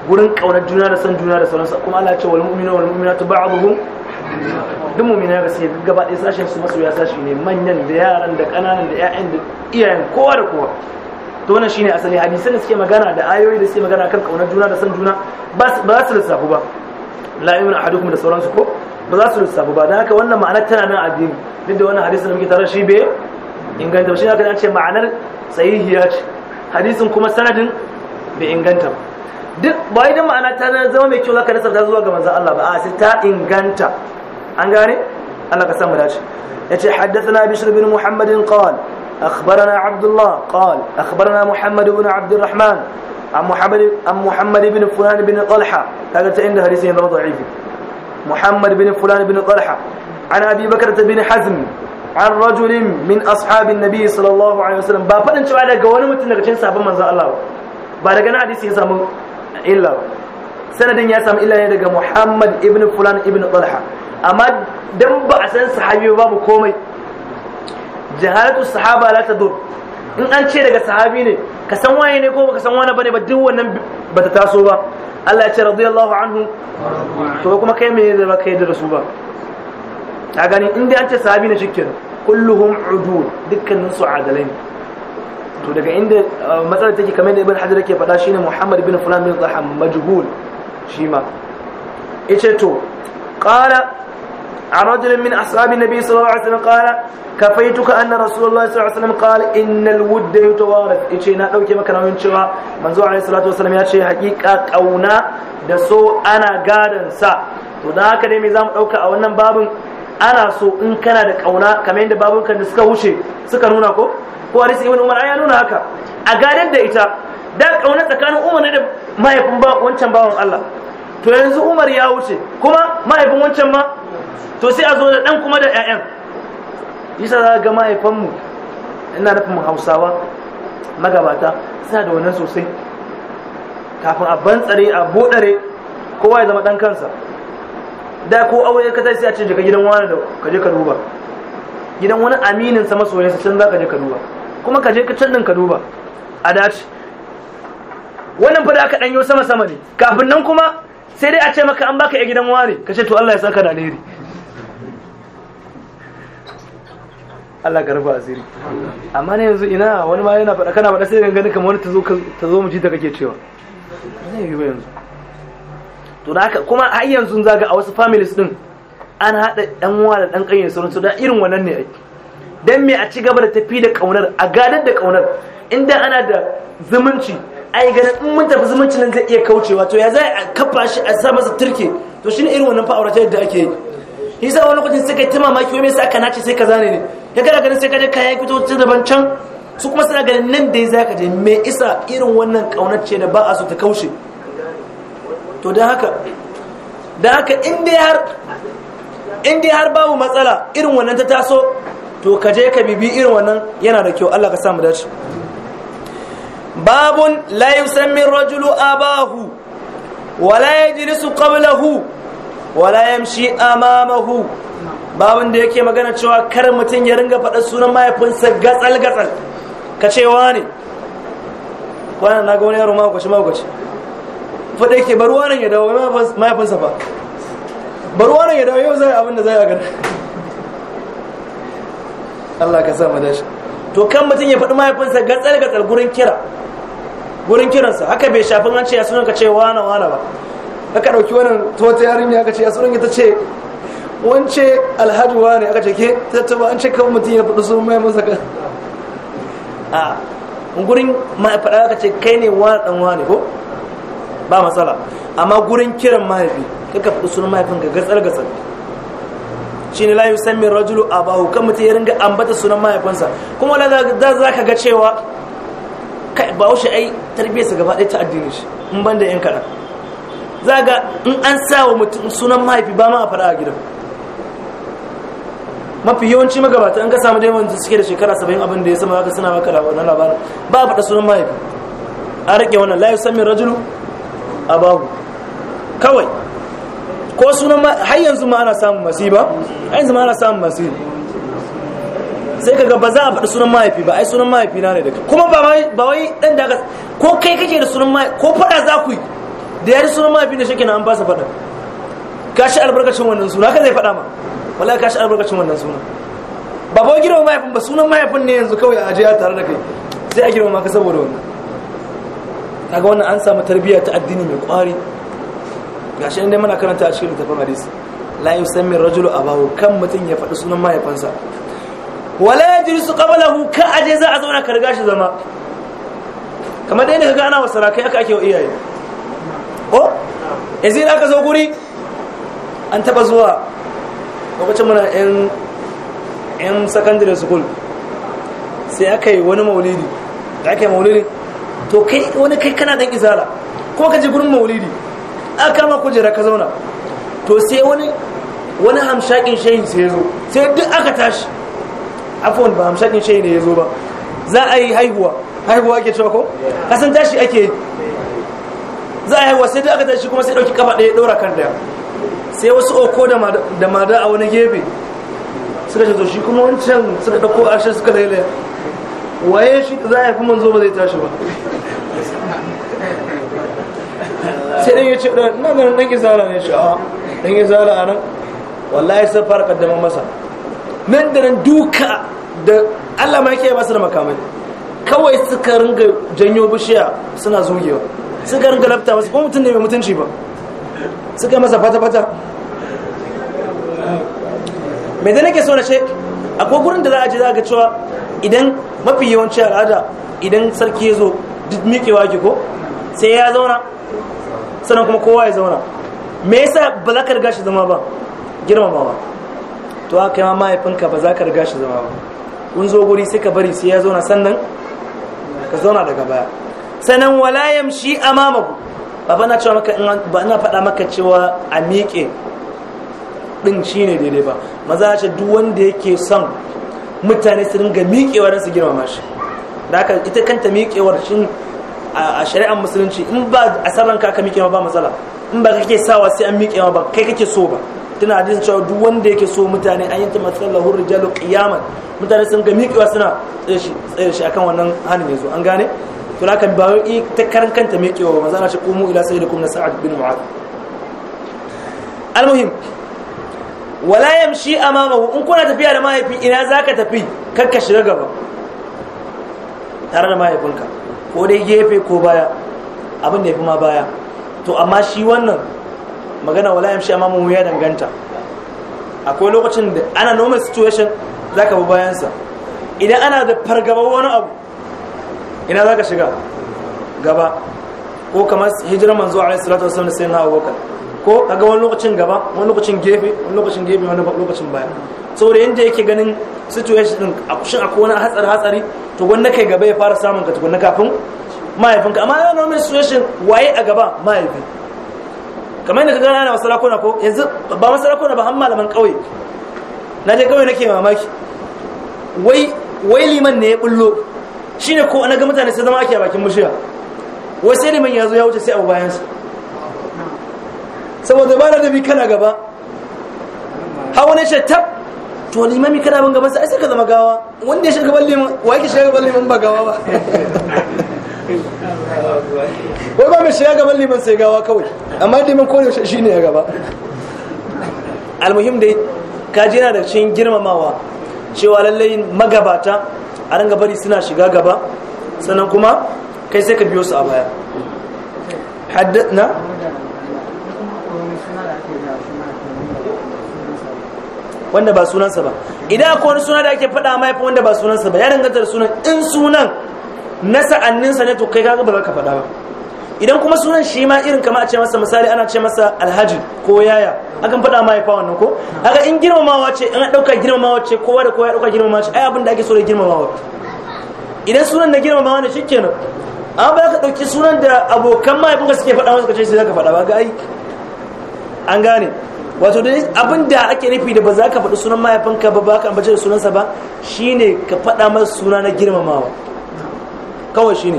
A: gurin kaunar juna da san juna da sauransu kuma Allah ya ce wal mu'minu wal mu'minatu ba'dhum duk mu'mina ga sai gaba ɗaya sashen su masoya sashi ne manyan da yaran da kananan da ƴaƴan da iyayen kowa da kowa to wannan shine asali hadisan da suke magana da ayoyi da suke magana kan kaunar juna da san juna ba su lissafu ba la yu'minu ahadukum da sauransu ko ba za su lissafa ba dan haka wannan ma'anar tana nan addini duk da wannan hadisin da muke tare shi be inganta ba shi haka an ce ma'anar sahihiya ce hadisin kuma sanadin bai inganta ba duk ba idan ma'ana ta zama mai kyau zaka nasarta zuwa ga manzon Allah ba a sai ta inganta an gane Allah ka samu dace yace haddathana bishr bin muhammadin qala أخبرنا عبد الله قال أخبرنا محمد بن عبد الرحمن an muhammad ibn fulan ibn talha kaga ta inda hadisin a zama da'ifi muhammad ibn fulan bin talha an abi bakar ibn hazm an rajulin min ashabin nabi sallallahu alaihi ba fadin cewa daga wani mutum daga cikin sabon manzon Allah ba daga nan hadisi ya samu illa sanadin ya samu illa ne daga muhammad ibn fulan ibn talha amma dan ba a san sahabi babu komai jahalatu sahaba la tadur in an ce daga sahabi ne ka san waye ne ko baka san wani bane ba duk wannan bata taso ba Allah ya ce radiyallahu anhu to kuma kai me da baka yi da su ba a gani in dai an ce sahabi ne shikken kulluhum udul dukkanin su adalai ne to daga inda uh, matsalar take kamar da ibn hajar yake faɗa shine muhammad bin fulan bin zaham majhul shi ma yace to qala عن رجل من أصحاب النبي صلى الله عليه وسلم قال كفيتك أن رسول الله صلى الله عليه وسلم قال إن الود يتوارث إيشينا أو كما كان من شوى منزوع عليه الصلاة والسلام يا شيء حقيقة قونا دسو أنا قادن سا وذاك دي ميزام أوكا أو أنم باب أنا سو إن كان دك أونا كما يند باب كان نسكه وشي سكا كو هو رئيس إبن عمر عيانونا هكا أقادن دا إتا da kauna tsakanin umar ما يكون باب وانشان باب الله to yanzu umar ya wuce kuma mahaifin wancan ma to sai a zo da ɗan kuma da 'ya'yan isa za ga mahaifanmu ina nufin hausawa magabata suna da wannan sosai kafin a bantsare a buɗare kowa ya zama ɗan kansa da ko aure ka sai a ce ka gidan wani da ka je ka duba gidan wani aminin sa masoyinsa can za ka je ka duba kuma ka je ka can din ka duba a dace wannan fa da aka danyo sama sama ne kafin nan kuma sai dai a ce maka an baka ya gidan wani ka ce to Allah ya saka da alheri Allah ka rufa asiri amma ne yanzu ina wani ma yana faɗa kana faɗa sai gani kamar wani ta zo mu ji ta kake cewa zai yi ba yanzu to da haka kuma har yanzu zaga a wasu families din an haɗa ɗan uwa da ɗan ƙanyen sauran su da irin wannan ne ake dan me a ci gaba da tafi da ƙaunar a gadar da ƙaunar inda ana da zumunci ai ganin in mun tafi zumuncin nan zai iya kaucewa to ya za a kafa shi a sa masa turke to shine irin wannan fa'aurata yadda ake yi yasa wani kudin sai yi ta mamaki wani me yasa aka nace sai ka ne ne ya gara ganin sai ka je kaya fito ta daban can su kuma suna ganin nan da ya za ka je me isa irin wannan kaunar da ba a su ta kaushe to don haka da haka in dai har babu matsala irin wannan ta taso to ka je ka bibi irin wannan yana da kyau Allah ka samu dace babun la yusammi rajulu abahu wala yajlisu qablahu wala yamshi amamahu babin da yake magana cewa kar mutum ya ringa faɗa sunan mahaifinsa gatsal gatsal ka ce ne kwana na ga wani yaro makwashi makwashi faɗa yake bari wani ya dawo mahaifinsa fa bari wani ya dawo yau zai abin da zai a Allah ka sa mu shi. to kan mutum ya faɗi mahaifinsa gatsal gatsal gurin kira gurin kiransa haka bai shafin an ce ya sunan ka ce wa na ba aka ɗauki wannan ta wata yarinya aka ce ya sunan ita ce wance alhajuwa ne aka ce ke tattaba an ce kawai mutum ya faɗi sun mai masa ka a gurin ma'aifaɗa aka ce kai ne wani ɗan wani ko ba matsala amma gurin kiran mahaifi kaka faɗi sun mahaifin ka gatsar gatsar shi ne layu san min rajulu a bahu kan mutum ya ringa ambata sunan mahaifinsa kuma da za ka ga cewa ba wuce ai tarbiyyarsa gaba ɗaya ta addini shi in ban da yan kaɗan za ga in an sa wa mutum sunan mahaifi ba ma a fara a gidan mafi yawanci magabata an ka samu da yawan suke da shekara saba'in abin da ya sama haka suna maka wannan labarin ba a faɗa sunan mahaifi a rike wannan layu sami rajulu abahu kawai ko sunan har yanzu ma ana samun masiba har yanzu ma ana samun masiba sai kaga ba za a faɗi sunan mahaifi ba ai sunan mahaifi na ne da kuma ba wai dan da ko kai kake da sunan mahaifi ko faɗa za ku yi da ya sunan mahaifin da shakina an ba su faɗa ka shi albarkacin wannan suna ka zai faɗa ma Wala ka shi albarkacin wannan suna ba ba girma mahaifin ba sunan mahaifin ne yanzu kawai a ajiya tare da kai sai a girma maka saboda wannan ga wannan an samu tarbiyya ta addini mai kwari shi inda muna karanta a cikin littafin hadis la yusammi rajulu abahu kan mutum ya faɗi sunan mahaifinsa wala ya yajlisu hu ka aje za a zauna ka riga shi zama kamar dai ne ka gana wa sarakai aka ake wa iyaye ko yanzu eh, in aka zo guri an taba zuwa lokacin muna yan yan secondary school sai aka yi wani maulidi da aka yi maulidi to kai wani kai kana dan izala kuma ka je gurin maulidi aka kama kujera ka zauna to sai wani wani hamshakin shayin sai ya zo sai duk aka tashi afon ba hamshakin shayin ne ya zo ba za a yi haihuwa haihuwa ake cewa ko kasan tashi ake za a haihuwa sai da aka tashi kuma sai ɗauki kafa ɗaya ɗora kan ɗaya sai wasu oko da mada a wani gefe suka ce shi kuma wancan suka ɗauko ashe suka laila waye shi za a haifi manzo ba zai tashi ba sai ɗan ya ce ɗan nan nan ɗan gizala ne shi a ɗan gizala a nan wallahi sai fara kaddama masa nan da nan duka da allah ma yake ba da makamai kawai suka ringa janyo bishiya suna zugewa suka rinka lafta masu kuma mutum ne mai mutunci ba suka masa fata-fata mai da nake so na ce a kogurin da za a ji za a ga cewa idan mafi yawanci al'ada idan sarki ya zo duk mikewa ke ko sai ya zauna sannan kuma kowa ya zauna me yasa ba za ka riga shi zama ba girmamawa to aka yi ma mahaifinka ba za ka riga shi zama ba kun zo guri sai ka bari sai ya zauna sannan ka zauna daga baya sanan wala yamshi amamaku baba na cewa maka ba ina faɗa maka cewa a miƙe din shine daidai ba maza ce duk wanda yake son mutane su ringa miƙewa don su girmama shi da haka ita kanta miƙewar shin a shari'ar musulunci in ba a sarran ka miƙewa ba matsala in ba kake sawa sai an miƙewa ba kai kake so ba tana da cewa duk wanda yake so mutane an yi ta matsalahu rijalu qiyaman mutane sun ga miƙewa suna tsaye shi akan wannan hannun yanzu an gane to lakan ba wai ta karan kanta mai kewa manzo Allah ce komo ila kuma na sa'ad bin mu'adh almuhim wala yamshi amamahu in kuna tafiya da mahaifi ina zaka tafi karka shiga gaba tare da mahaifinka ko dai gefe ko baya abin da ya fi ma baya to amma shi wannan magana wala yamshi amamahu ya danganta akwai lokacin da ana normal situation zaka bi bayansa idan ana da fargaba wani abu ina za ka shiga gaba ko kamar hijirar manzo a salatu wasu sai na abubakar ko ga wani lokacin gaba wani lokacin gefe wani lokacin gefe wani lokacin baya saboda yadda yake ganin situation din a kushin akwai wani hatsari hatsari to wanda kai gaba ya fara samun ka tukunna kafin mahaifinka amma yana wani situation waye a gaba mahaifi kamar yadda ka gana na sarakuna ko yanzu ba masarakuna ba han malaman kauye na je kauye nake mamaki wai wai liman ne ya bullo Shi ne ko na ga mutane sai zama ake a bakin mashiya wai sai liman ya zo ya wuce sai abu bayansa saboda ba da bi kana gaba hawa ne shi tab, to limami kana ban gaba ai sai ka zama gawa wanda ya shiga gaban liman wa ke shiga gaban liman ba gawa ba (laughs) wai ba mai shiga gaban liman sai gawa kawai amma liman ko yaushe ne ya gaba almuhim dai kaji yana da cikin girmamawa cewa lallai magabata a ranga bari suna shiga gaba sannan kuma kai sai ka biyo su a baya haddana wanda ba sunansa ba idan akwai wani suna da ake faɗa ma yafi wanda ba sunansa ba ya danganta da sunan in sunan na sa'anninsa ne to kai ka ba za ka faɗa ba idan kuma sunan shi ma irin kama a ce masa misali ana ce masa alhaji ko yaya akan faɗa mahaifa wannan ko haka in girmamawa ce in ɗauka girmamawa ce kowa da kowa ya ɗauka girmamawa ce ai abin da ake so da girmamawa idan sunan na girmamawa ne shikenan an ba ka ɗauki sunan da abokan mahaifinka suke faɗa masa kace sai zaka faɗa ba ga ai an gane wato da abin da ake nufi da ba za ka faɗi sunan mahaifinka ba ba ka ambace da sunansa ba shine ka faɗa masa suna na girmamawa kawai shine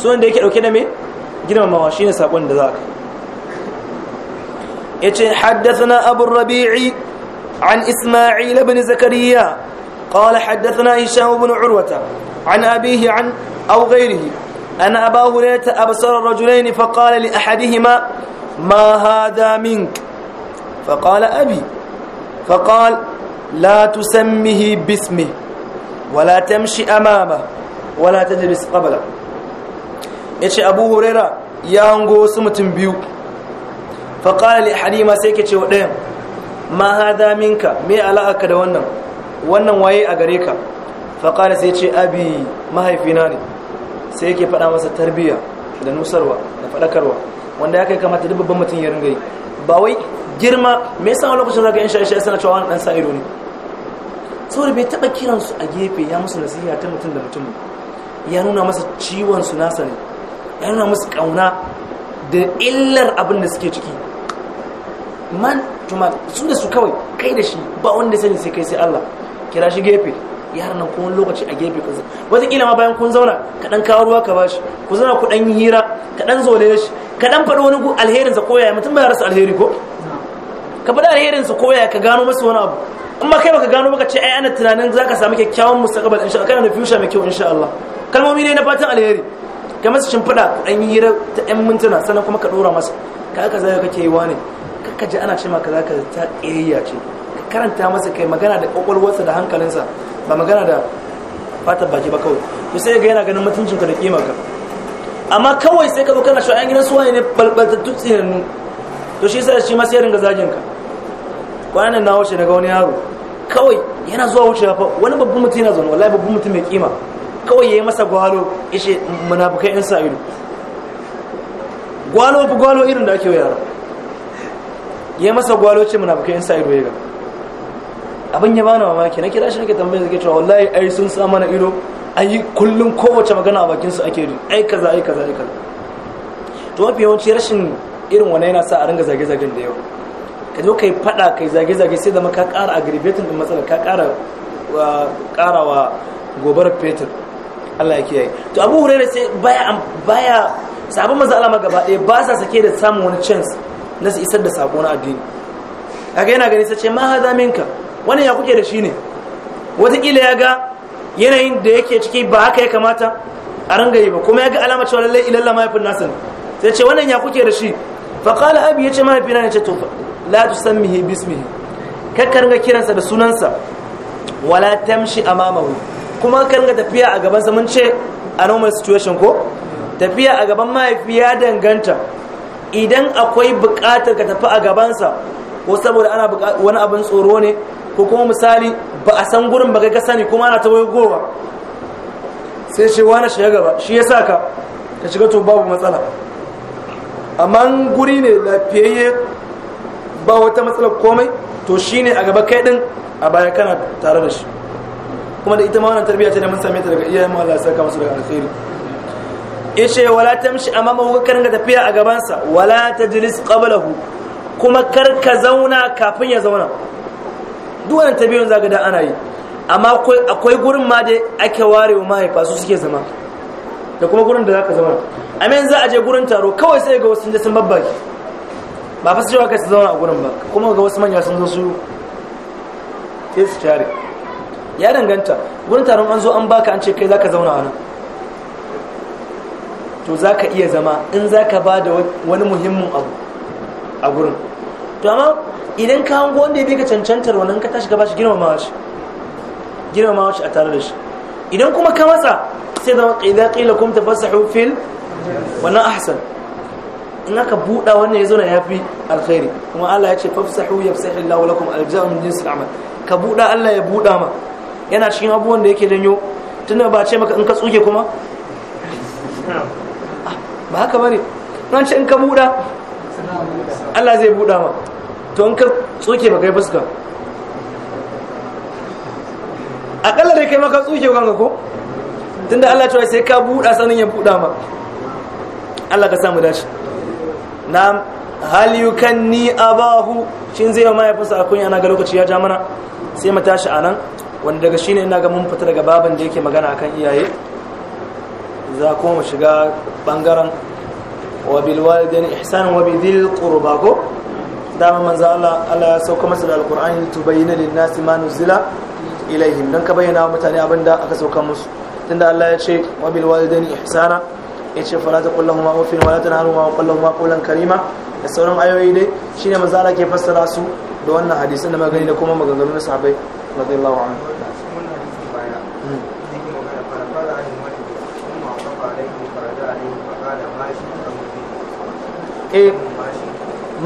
A: sunan da yake ɗauke da me girmamawa shine sakon da zaka yace haddathana abu rabi'i an isma'il ibn zakariya قال حدثنا هشام بن عروة عن أبيه عن أو غيره أن أبا هريرة أبصر الرجلين فقال لأحدهما ما هذا منك فقال أبي فقال لا تسمه باسمه ولا تمشي أمامه ولا تجلس قبله ya ce abu huraira ya hango wasu mutum biyu li halima sai ke ce wa ɗayan ma hada minka mai ala'aka da wannan wannan waye a gare ka faƙala sai ce abi mahaifina ne sai ke faɗa masa tarbiyya da nusarwa da faɗakarwa wanda ya kai kamata duk babban mutum ya ringa yi ba wai girma me yasa wani lokacin zaka yan sha shaye sana cewa wani ɗan sa ido ne saboda bai taɓa kiransu a gefe ya musu nasiha ta mutum da mutum ya nuna masa ciwon su nasa ne ya nuna musu kauna da illar abin da suke ciki man tuma su da su kawai kai da shi ba wanda sani sai kai sai Allah kira shi gefe yaran nan kun lokaci a gefe wata kila ma bayan kun zauna ka dan kawo ruwa ka bashi ku zauna ku ɗan yi hira ka zo da shi ka dan faɗi wani alherinsa sa koyaya mutum bai rasa alheri ko ka faɗi alherinsa sa koyaya ka gano masa wani abu amma kai baka gano baka ce ai ana tunanin zaka samu kyakkyawan mustaqbal insha Allah kana da future mai kyau insha Allah kalmomi ne na fatan alheri ka masa shimfiɗa ɗan hira ta ɗan mintuna sannan kuma ka ɗora masa ka aka zai kake yi wani kakka ji ana ce ka za ka ta ƙiyayya ce ka karanta masa kai magana da ƙwaƙwalwarsa da hankalinsa ba magana da fatar baki ba kawai to sai ga yana ganin mutuncinka da ka amma kawai sai ka zo kana shi a gidan suwaye ne balbaltattu tsinannu to shi sai shi masu yarin ga zagin ka kwanan na wuce daga wani yaro kawai yana zuwa wuce fa wani babban mutum yana zaune wallahi babban mutum mai kima kawai ya yi masa gwalo ishe, ce munafukai 'yan sa ido gwalo fi gwalo irin da ake wa yara ya masa gwalo ce munafukai 'yan sa ido ya ga abin ya bani mamaki na kira shi nake tambayar zake cewa wallahi ai sun sa mana ido an yi kullum kowace magana a bakinsu ake yi ai kaza ai kaza ai kaza to mafi yawanci rashin irin wani yana sa a ringa zage-zagen da yau ka zo ka yi faɗa ka yi zage-zage sai da ma ka ƙara aggravating din matsalar ka ƙara wa gobarar fetur Allah ya kiyaye to Abu Hurairah sai baya baya sabon manzo Allah gaba ɗaya ba sa sake da samun wani chance na su isar da sako na addini kaga yana gani sai ce ma hada minka wannan ya kuke da shi ne wataƙila ya ga yanayin da yake ciki ba haka ya kamata a ranga yi ba kuma ya ga alama cewa lallai ilalla mahaifin nasa ne sai ce wannan ya kuke da shi faƙala abi ya ce mahaifina ne ce to la tusammihi san mihi bismihi kakkar ga kiransa da sunansa wala tamshi amamahu kuma kan ga tafiya a gaban mun ce a normal situation ko tafiya a gaban mahaifi ya danganta idan akwai buƙatar ka tafi a gabansa ko saboda ana wani abin tsoro ne ko kuma misali ba a san gurin ba kai ka sani kuma ana ta wai gowa sai shi wani shiga gaba shi ya sa ka ka shiga to babu matsala amma guri ne lafiyayye ba wata matsalar komai to shine a gaba kai din a baya kana tare da shi kuma da ita ma wannan tarbiyya ce da mun same ta daga iyayen mu Allah ya saka musu daga alkhairi yace wala tamshi amama ka karanga tafiya a gaban sa wala tajlis qablahu kuma kar ka zauna kafin ya zauna duk wannan tabiyon zaka da ana yi amma akwai akwai gurin ma da ake ware wa mai su suke zama da kuma gurin da zaka zauna amma yanzu a je gurin taro kawai sai ga wasu sun babba ki. babbaki ba fa su ka kai su zauna a gurin ba kuma ga wasu manya sun zo su sai su share ya danganta wurin taron an zo an baka an ce kai zaka zauna a nan to zaka iya zama in zaka ba da wani muhimmin abu a gurin to amma idan ka hango wanda ya bi ka cancantar wannan ka tashi ka bashi girmamawa shi girmamawa shi a tare da shi idan kuma ka matsa sai zama idan qila kum tafasahu fil na ahsan in aka buɗa wannan ya zauna ya fi alkhairi kuma Allah ya ce fafsahu yafsahu Allah lakum min jinsil amal ka buɗa Allah ya buɗa ma yana cikin abubuwan da yake tun da ba ce maka in ka tsuke kuma ba haka bane nan ce in ka buɗa Allah zai buɗa ma to in ka tsuke ba kai fuska akalla da kai maka tsuke kanka ko tunda Allah cewa sai ka buɗa sanin ya buɗa ma Allah ka samu dace na hal yukanni abahu shin zai ma ya fasa akun yana ga lokaci ya ja mana sai mu tashi anan wanda daga ne ina ga mun fita daga baban da yake magana akan iyaye za kuma mu shiga bangaren wa da ihsan wabidil bi ko dama manza Allah ya sauka masu da yi tubayyana lin nasi ma zila ilayhim don ka bayyana wa mutane abinda aka sauka musu tunda Allah ya ce wa bil walidain ihsana yace fala taqul lahum ufin wala tanharum wa kullum ma kullum karima da sauran ayoyi dai shine maza Allah ke fassara su da wannan hadisin da magani da kuma na sahabbai radiyallahu anhu eh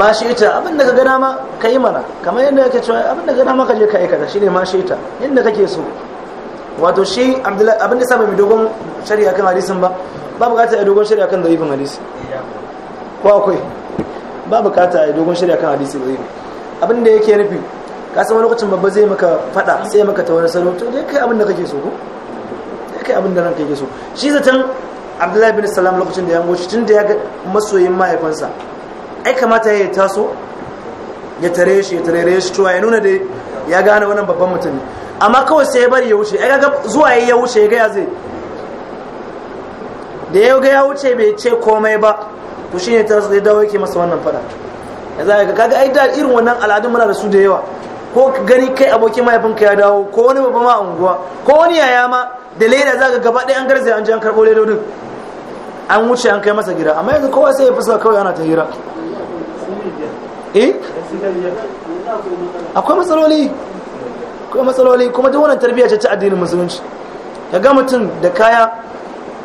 A: ma shi ita abin da ka gana ma ka yi mana kamar yadda yake cewa abin da gana ma ka je ka aikata shine ma shi ita yadda kake so wato shi abin da sa bai dogon shari'a kan hadisin ba ba bukata a dogon shari'a kan zaifin hadisi ko akwai ba bukata a dogon shari'a kan hadisi zaifin abin da yake nufi ka san wani lokacin babba zai maka fada sai maka ta wani sanar to dai kai abin da kake so ko dai kai abin da ranka yake so shi zaton abdullahi bin salam lokacin da ya ngoci tun da ya ga masoyin mahaifansa ai kamata ya taso ya tare shi ya tare shi to ya nuna da ya gane wannan babban mutum ne amma kawai sai ya bari ya wuce ai ga zuwa ya wuce ya ga ya zai da ya ga ya wuce bai ce komai ba to shine ta zai dawo yake masa wannan fada yanzu ga kaga ai da irin wannan al'adun muna da su da yawa ko gani kai abokin mahaifinka ya dawo ko wani babba ma unguwa ko wani yaya ma da leda za ka gaba ɗaya an garzaya an je an karɓo ledodin an wuce an kai masa gida amma yanzu kowa sai ya fi fuska kawai ana ta hira eh akwai matsaloli kuma duk wannan tarbiyya ce ta addinin musulunci ga mutum da kaya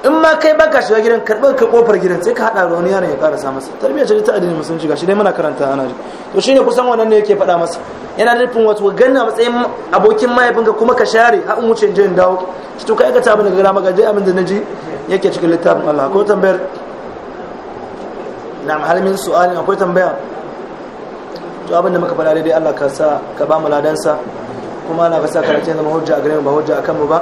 A: in ma kai baka shiga gidan karɓi ka kofar gidan sai ka haɗa da wani yana ya ƙarasa masa tarbiyyar ce ta masu musulunci shi dai muna karanta ana ji to shine kusan wannan ne yake faɗa masa yana nufin wato ganna matsayin abokin mahaifinka kuma ka share har in wuce je in dawo shi to ka aikata abin daga gara maka dai abin da naji yake cikin littafin Allah ko tambayar na'am halmin su'alin akwai tambaya to abin da muka faɗa daidai Allah ka sa ka ba mu ladansa kuma Allah ka sa karatun zama hujja a gare mu ba hujja akan mu ba